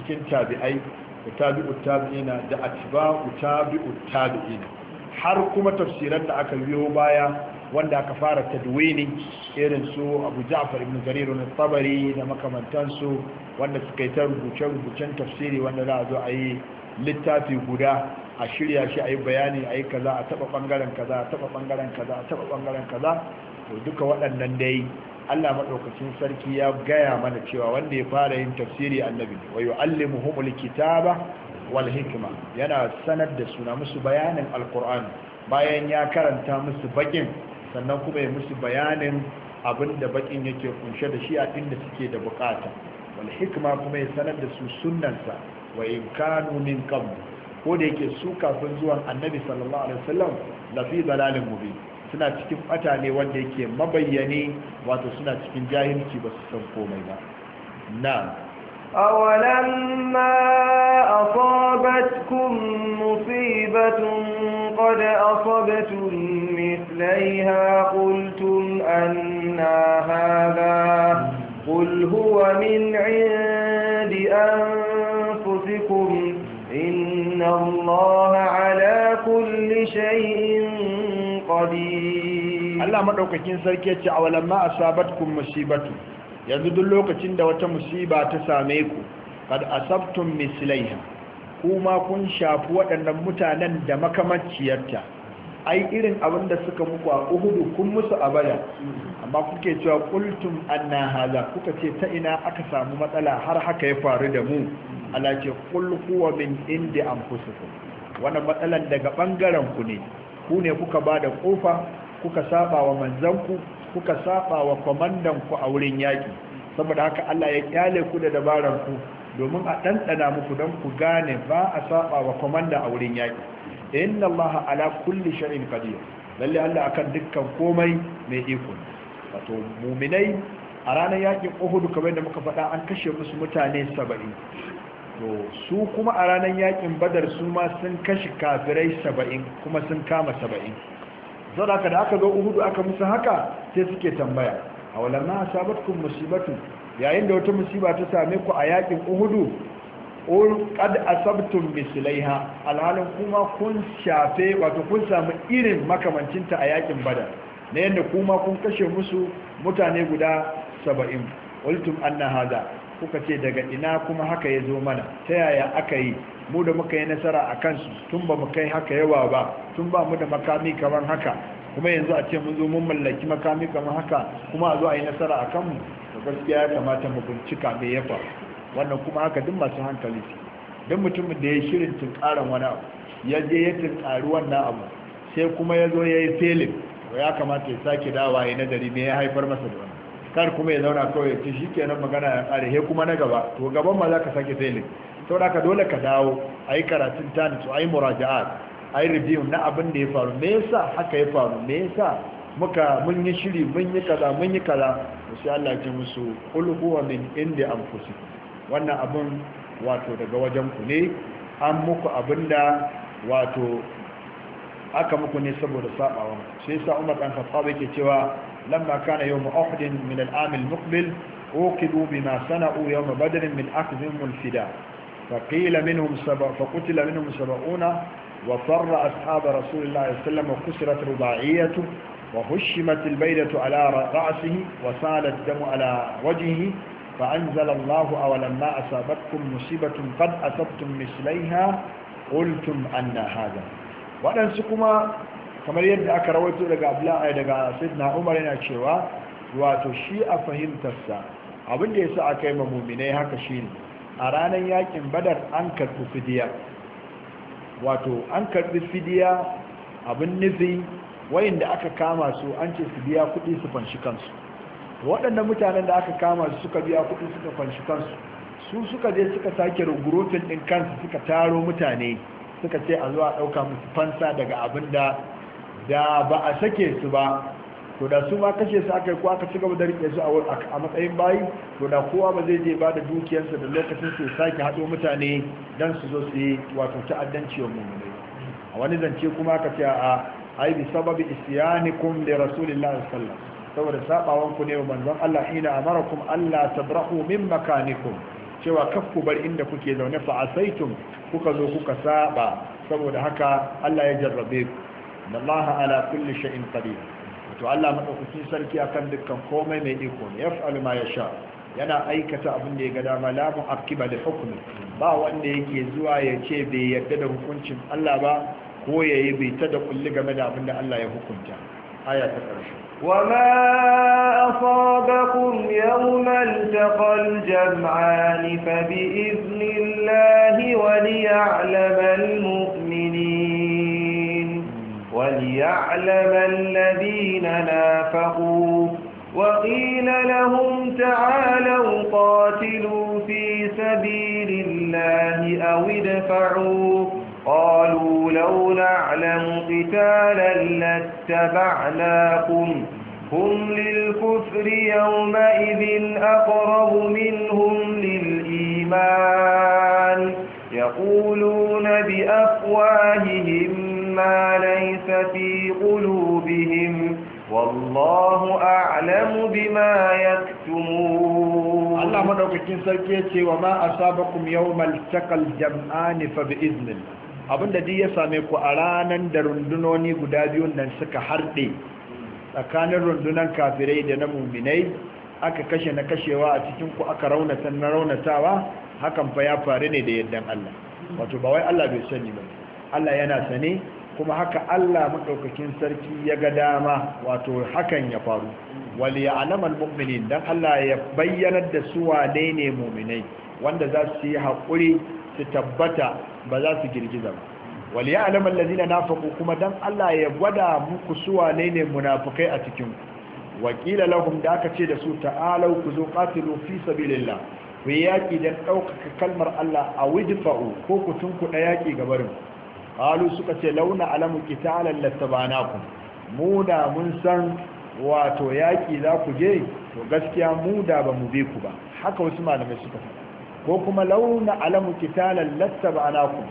cikin tabi'ai da tabi'u tabi'ina da atba'u tabi'u tabi'ina har kuma tafsiran da aka biyo baya wanda aka fara tadwini irin su abu ja'far ibn jarir ibn tabari da makamantansu wanda suka yi ta rubuce-rubucen tafsiri wanda za a zo a yi littafi guda a shirya shi a yi bayani a yi kaza a taɓa bangaren kaza a taɓa ɓangaren kaza a taɓa ɓangaren kaza to duka waɗannan dai Allah maɗaukacin sarki ya gaya mana cewa wanda ya fara yin tafsiri annabi wa yu'allimuhumul kitaba wal hikma yana sanar da suna musu bayanin alqur'ani bayan ya karanta musu bakin sannan kuma ya musu bayanin abin da bakin yake kunshe da shi a inda suke da bukata wal hikma kuma ya sanar da su sunnansa wa in kanu min qabl ko da yake su kafin zuwan annabi sallallahu alaihi wasallam la fi dalalin mubin suna cikin fata ne wanda yake mabayyane wato suna cikin jahilci ba su san komai ba na أولما أصابتكم مصيبة قد أصبتم مثليها قلتم أنا هذا قل هو من عند أنفسكم إن الله على كل شيء قدير الله مدعوك كين سركيتي أولما أصابتكم مصيبة yanzu duk lokacin da wata musiba ta same ku kad asabtum mislaiha kuma kun shafi waɗannan mutanen da makamanciyarta ai irin abin da suka muku a uhudu kun musu abada amma kuke cewa qultum anna hadha kuka ce ta ina aka samu matsala har haka ya faru da mu ala ce qul huwa min indi anfusikum wannan matsalan daga bangaren ku ne ku ne kuka bada kofa kuka saba wa manzanku kuka saba wa kwamandan ku a wurin yaƙi saboda haka Allah ya kyale ku da dabaran ku domin a ɗanɗana muku don ku gane ba a saba wa kwamanda a wurin yaƙi inna Allah ala kulli shay'in qadir lalle Allah akan dukkan komai mai iko wato muminai a ranar yaƙin Uhud kamar da muka faɗa an kashe musu mutane 70 to su kuma a ranar yaƙin Badar su ma sun kashe kafirai 70 kuma sun kama saba'in. sau da da aka zo uhudu aka musu haka sai suke tambaya a walamma sabatkun musibatu yayin da wata musiba ta same ku a yakin uhudu ul qad asabtum mislaiha alhalin kuma kun shafe wato kun samu irin makamancinta a yakin bada na yadda kuma kun kashe musu mutane guda 70 ultum anna hada kuka ce daga ina kuma haka ya zo mana ta yaya aka yi mu da muka yi nasara a kansu tun ba mu kai haka yawa ba tun ba mu da makami kamar haka kuma yanzu a ce mun zo mun mallaki makami kamar haka kuma a zo a yi nasara a kanmu da gaskiya ya kamata mu bincika me ya wannan kuma haka duk masu hankali duk mutumin da ya shirin tunkaran wani abu ya je ya tunkari wannan abu sai kuma ya zo ya yi felin ya kamata ya sake dawa ya nazari me ya haifar masa da kar kuma ya zauna kawai ta shi nan magana ya ƙare he kuma na gaba to gaban ma za ka sake failing sau da ka dole ka dawo a yi karatun tanisu a yi muraja'at a yi review na abin da ya faru me yasa haka ya faru me yasa muka mun yi shiri mun yi kaza mun yi kaza sai Allah ya ji musu kullu huwa min indi wannan abin wato daga wajen ku ne an muku abinda wato aka muku ne saboda sabawa sai sa Umar dan Khattab yake cewa لما كان يوم أحد من العام المقبل أوقبوا بما صنعوا يوم بدر من أخذهم الفداء فقيل منهم سبع فقتل منهم سبعون وفر أصحاب رسول الله صلى الله عليه وسلم وكسرت رباعيته وهشمت البيدة على رأسه وسال الدم على وجهه فأنزل الله أولما أصابتكم مصيبة قد أصبتم مثليها قلتم أن هذا وأنسكما kamar yadda aka rawaito daga abdullahi eh, daga sidna umar yana cewa wato shi a fahimtarsa abin da ya sa aka yi ma muminai haka shi ne a ranar yakin badar an karbi fidiya wato an karbi fidiya abin nufi wayanda aka kama su an ce su biya kudi su fanshi kansu waɗannan mutanen da aka kama su suka biya kuɗi suka fanshi kansu su suka je suka sake rugurutun din kansu suka taro mutane suka ce a zuwa ɗauka musu fansa daga abin da da ba a sake su ba to da su ma kashe su aka yi ko aka ci gaba da riƙe su a matsayin bayi to da kowa ba zai je ba da dukiyarsa da lokacin su sake haɗo mutane don su zo su yi wato ta'addanci wa a wani zance kuma aka ce a ai sababi sababi isyanikum da rasulillahi sallallahu saboda sabawan ku ne wa manzon Allah ina kum Allah tabrahu min makanikum cewa kafku bar inda kuke zaune fa asaitum kuka zo kuka saba saboda haka Allah ya jarrabe ku inna ala kulli shay'in qadir to Allah madaukakin sarki akan dukkan komai mai iko ne yaf'alu ma yasha yana aikata abin da ya ga dama la mu'aqqiba li hukmi ba wanda yake zuwa ya ce bai yarda da hukuncin Allah ba ko yayi bai ta da kulli game da abin da Allah ya hukunta aya ta karshe وما أصابكم يوم التقى الجمعان فبإذن الله وليعلم وليعلم الذين نافقوا وقيل لهم تعالوا قاتلوا في سبيل الله أو ادفعوا قالوا لو نعلم قتالا لاتبعناكم هم للكفر يومئذ أقرب منهم للإيمان يقولون بأفواههم ما ليس في قلوبهم والله أعلم بما يكتمون الله مدوكين سلكيتي وما أصابكم يوم التقى الجمعان فبإذن الله abinda duk ya same ku a ranar da rundunoni guda biyu nan suka harɗe tsakanin rundunar kafirai da na muminai aka kashe na kashewa a cikin ku aka raunatawa hakan fa ya faru ne da yaddan Allah wato ba Allah bai sani ba Allah yana sane kuma haka Allah maɗaukakin sarki ya ga dama wato hakan ya faru wali ya alamar mu'minin don Allah ya bayyanar da su wane ne mu'minai wanda za su yi haƙuri su tabbata ba za su girgiza ba wali ya alamar lazina nafaku kuma don Allah ya gwada muku su wane ne munafukai a cikin wakila lahum da aka ce da su ta'alau ku zo qatilu fi sabilillah ku yaki dan ɗaukaka kalmar Allah a wijfa'u ko ku da yaki gabarin qalu suka ce launa alamu qitalan lattabanakum mu da mun san wato yaki za ku je to gaskiya mu da ba mu bi ku ba haka wasu malamai suka faɗa ko kuma launa alamu qitalan lattabanakum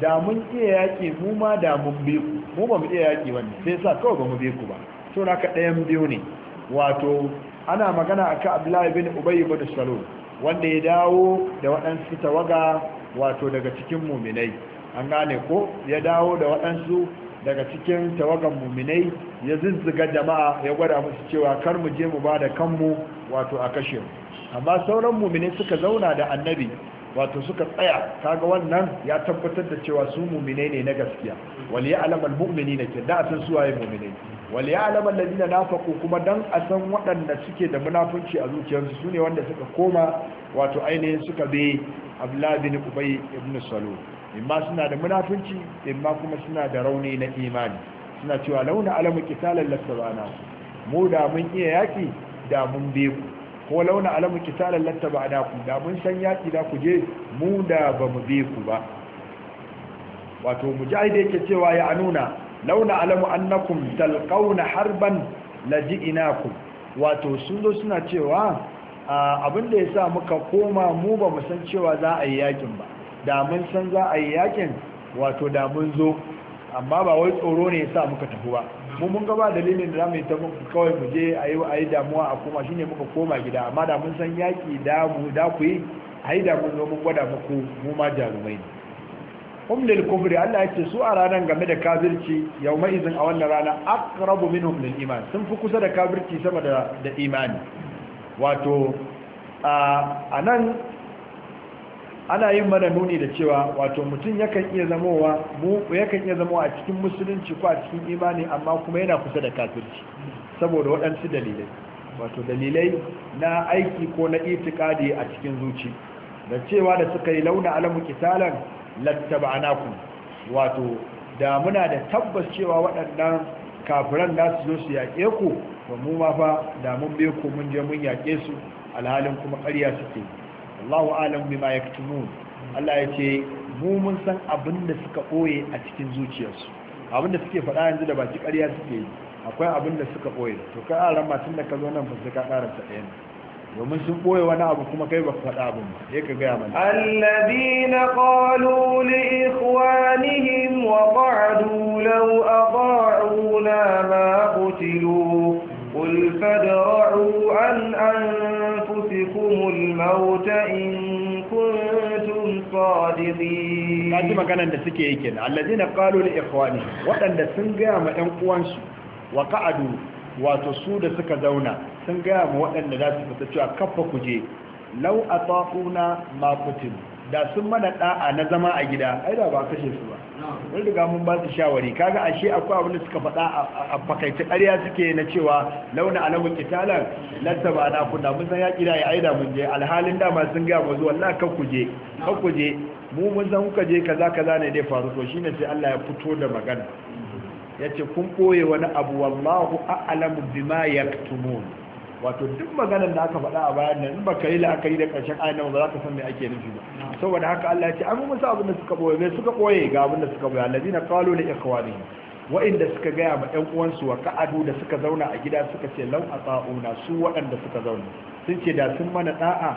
da mun iya yaki mu ma da mun bi ku mu ba mu iya yaki wannan sai sa kawai ba mu bi ku ba to naka ɗayan biyu ne wato ana magana ka Abdullahi bin Ubay ibn Salul wanda ya dawo da waɗansu tawaga wato daga cikin muminai an gane ko ya dawo da waɗansu daga cikin tawagan muminai ya zizziga jama'a ya gwada musu cewa kar mu je mu ba da kanmu wato a kashe amma sauran muminai suka zauna da annabi wato suka tsaya kaga wannan ya tabbatar da cewa su muminai ne na gaskiya wal ya'lamu al mu'minina ke da san su waye muminai wal ya'lamu alladhina nafaqu kuma dan a san waɗanda suke da munafunci a zuciyarsu sune wanda suka koma wato ainihin suka bi Abdullah bin Ubay ibn Salul imma suna da munafunci imma kuma suna da rauni na imani suna cewa launa alamu kitalan lattabana mu da mun iya yaki da mun be ku ko launa alamu kitalan lattabana ku da mun san yaki da ku je mu da ba mu be ku ba wato mujahid yake cewa ya anuna launa alamu annakum talqauna harban laji'inakum wato sun zo suna cewa ah, abinda ya sa muka koma mu ba mu san cewa za a yi yakin ba da mun san za a yi yakin wato da mun zo amma ba wai tsoro ne yasa muka tafi ba mu mun ga ba dalilin da zamu yi ta kawai mu je a yi damuwa a koma shine muka koma gida amma da mun san yaki da mu da ku yi a yi da mun zo mun gwada muku mu ma jarumai ne umlil kubri Allah yake su a ranan game da kafirci yauma izin a wannan rana aqrabu minhum lil iman sun fi kusa da kafirci sama da da imani wato a nan ana yin mana nuni da cewa wato mutum yakan iya zamowa yakan iya zamowa a cikin musulunci ko a cikin imani amma kuma yana kusa da kafirci saboda waɗansu dalilai wato dalilai na aiki ko na itikadi a cikin zuci da cewa da suka yi launa alamu kitalan lattabanaku wato da muna da tabbas cewa waɗannan kafiran za su zo su yaƙe ku ba mu ma fa da mun bi ku mun je mun yaƙe su alhalin kuma ƙarya suke yi wallahu alam bima yaktumun Allah ya ce mu mun san abin da suka boye a cikin zuciyarsu abin da suke faɗa yanzu da baki ƙarya suke yi akwai abin da suka boye to kai aran tun da ka zo nan ba sai ka karanta ɗayan domin sun boye wani abu kuma kai ba faɗa abin ba sai ka gaya mana alladhina qalu li ikhwanihim wa qa'du law ata'una ma qutilu qul fadra'u an an فَأَخْرَجْتُمُ الْمَوْتَ إِن كُنتُمْ صَادِقِينَ Kaji maganan da suke yi kenan alladheena qalu li ikhwani wadanda sun gaya ma 'yan uwansu su wa qa'adu wato su da suka zauna sun ga ma wadanda za su fita cewa kaffa kuje law ataquna ma kutim da sun mana da'a na zama a gida ai da ba kashe su ba wani daga mun ba su shawari kaga ashe akwai abin da suka faɗa a fakaice ƙarya suke na cewa launa alamu kitalan lanta ba na kunna mun san ya kira ya aida mun je alhalin dama sun ga mu zuwa na kan kuje kan kuje mu mun san kuka je kaza kaza ne dai faru to shine sai Allah ya fito da magana yace kun koye wani abu wallahu a'lamu bima yaktumun wato duk maganar da aka faɗa a bayan nan ba ka yi la'akari da ƙarshen ayan nan ba za ka san me ake nufi ba saboda haka Allah ya ce an musu abin da suka boye me suka boye ga abin da suka boye allazina qalu li ikhwanihim wa'inda suka gaya ma ɗan uwansu wa ka'adu da suka zauna a gida suka ce lau a tsa'una su waɗanda suka zauna sun ce da sun mana ɗa'a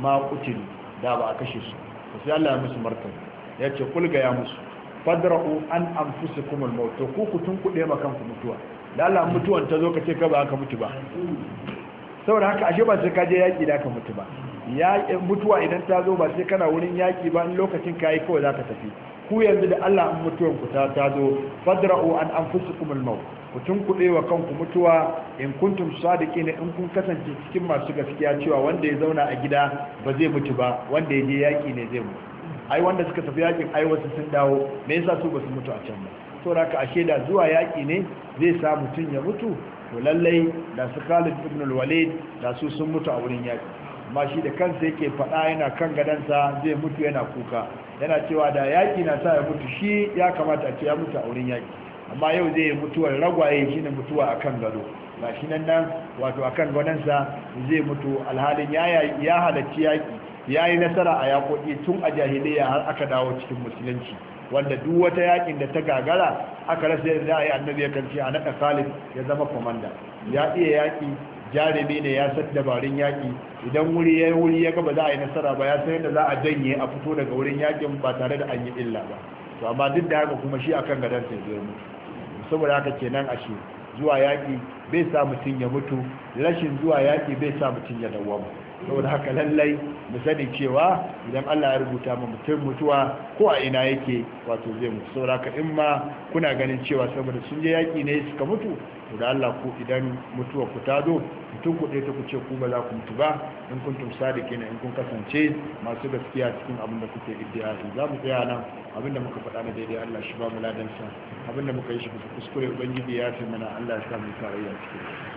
ma kutulu da ba a kashe su sai Allah ya musu martani ya ce kulga ya musu fadra'u an amfusu kumul mautu ku ku kuɗe ma kanku mutuwa da Allah mutuwan ta zo ka ce ka ba ka mutu ba saboda haka ashe ba sai ka je yaƙi da ka mutu ba mutuwa idan ta zo ba sai kana wurin yaƙi ba in lokacin ka yi kawai za ka tafi ku yanzu da Allah an mutuwan ku ta ta zo fadra'u an anfusukum al-maut ku tun tunkuɗe wa kanku mutuwa in kuntum sadiqin in kun kasance cikin masu gaskiya cewa wanda ya zauna a gida ba zai mutu ba wanda ya je yaƙi ne zai mutu ai wanda suka tafi yaƙin ai wasu sun dawo me yasa su ba su mutu a can ba saboda haka ashe da zuwa yaƙi ne zai sa mutum ya mutu to lallai da su khalid ibn al-walid da su sun mutu a wurin yaki amma shi da kansa yake faɗa yana kan gadansa zai mutu yana kuka yana cewa da yaki na sa ya mutu shi ya kamata a ce ya mutu a wurin yaki amma yau zai mutuwar ragwaye shine mutuwa akan gado ba shi nan nan wato akan sa zai mutu alhalin ya halarci yaki ya yi nasara a yakoki tun a jahiliya har aka dawo cikin musulunci wanda duk wata yakin da ta gagara aka rasa yadda a yi annabi ya kanci a naɗa khalid ya zama komanda ya iya yaƙi jarumi ne ya san dabarun yaƙi idan wuri ya wuri ya gaba za a yi nasara ba ya san yadda za a janye a fito daga wurin yaƙin ba tare da an yi illa ba to amma duk da haka kuma shi akan gadon sai zai mutu saboda haka kenan a ashe zuwa yaƙi bai sa mutum ya mutu rashin zuwa yaƙi bai sa mutum ya dawwama saboda haka lallai mu sani cewa idan Allah ya rubuta mu mutum mutuwa ko a ina yake wato zai mutu saboda haka in ma kuna ganin cewa saboda sun je yaki ne suka mutu to da Allah ku idan mutuwa ku ta zo mutum ku ɗaya ta ku ce ku ba za ku mutu ba in kun tumsa da kenan in kun kasance masu gaskiya cikin abin da kuke iddiya za mu tsaya nan abin da muka faɗa na daidai Allah shi ba mu ladansa abin da muka yi shi kuskure ubangiji ya fi mana Allah ya sa mu tarayya cikin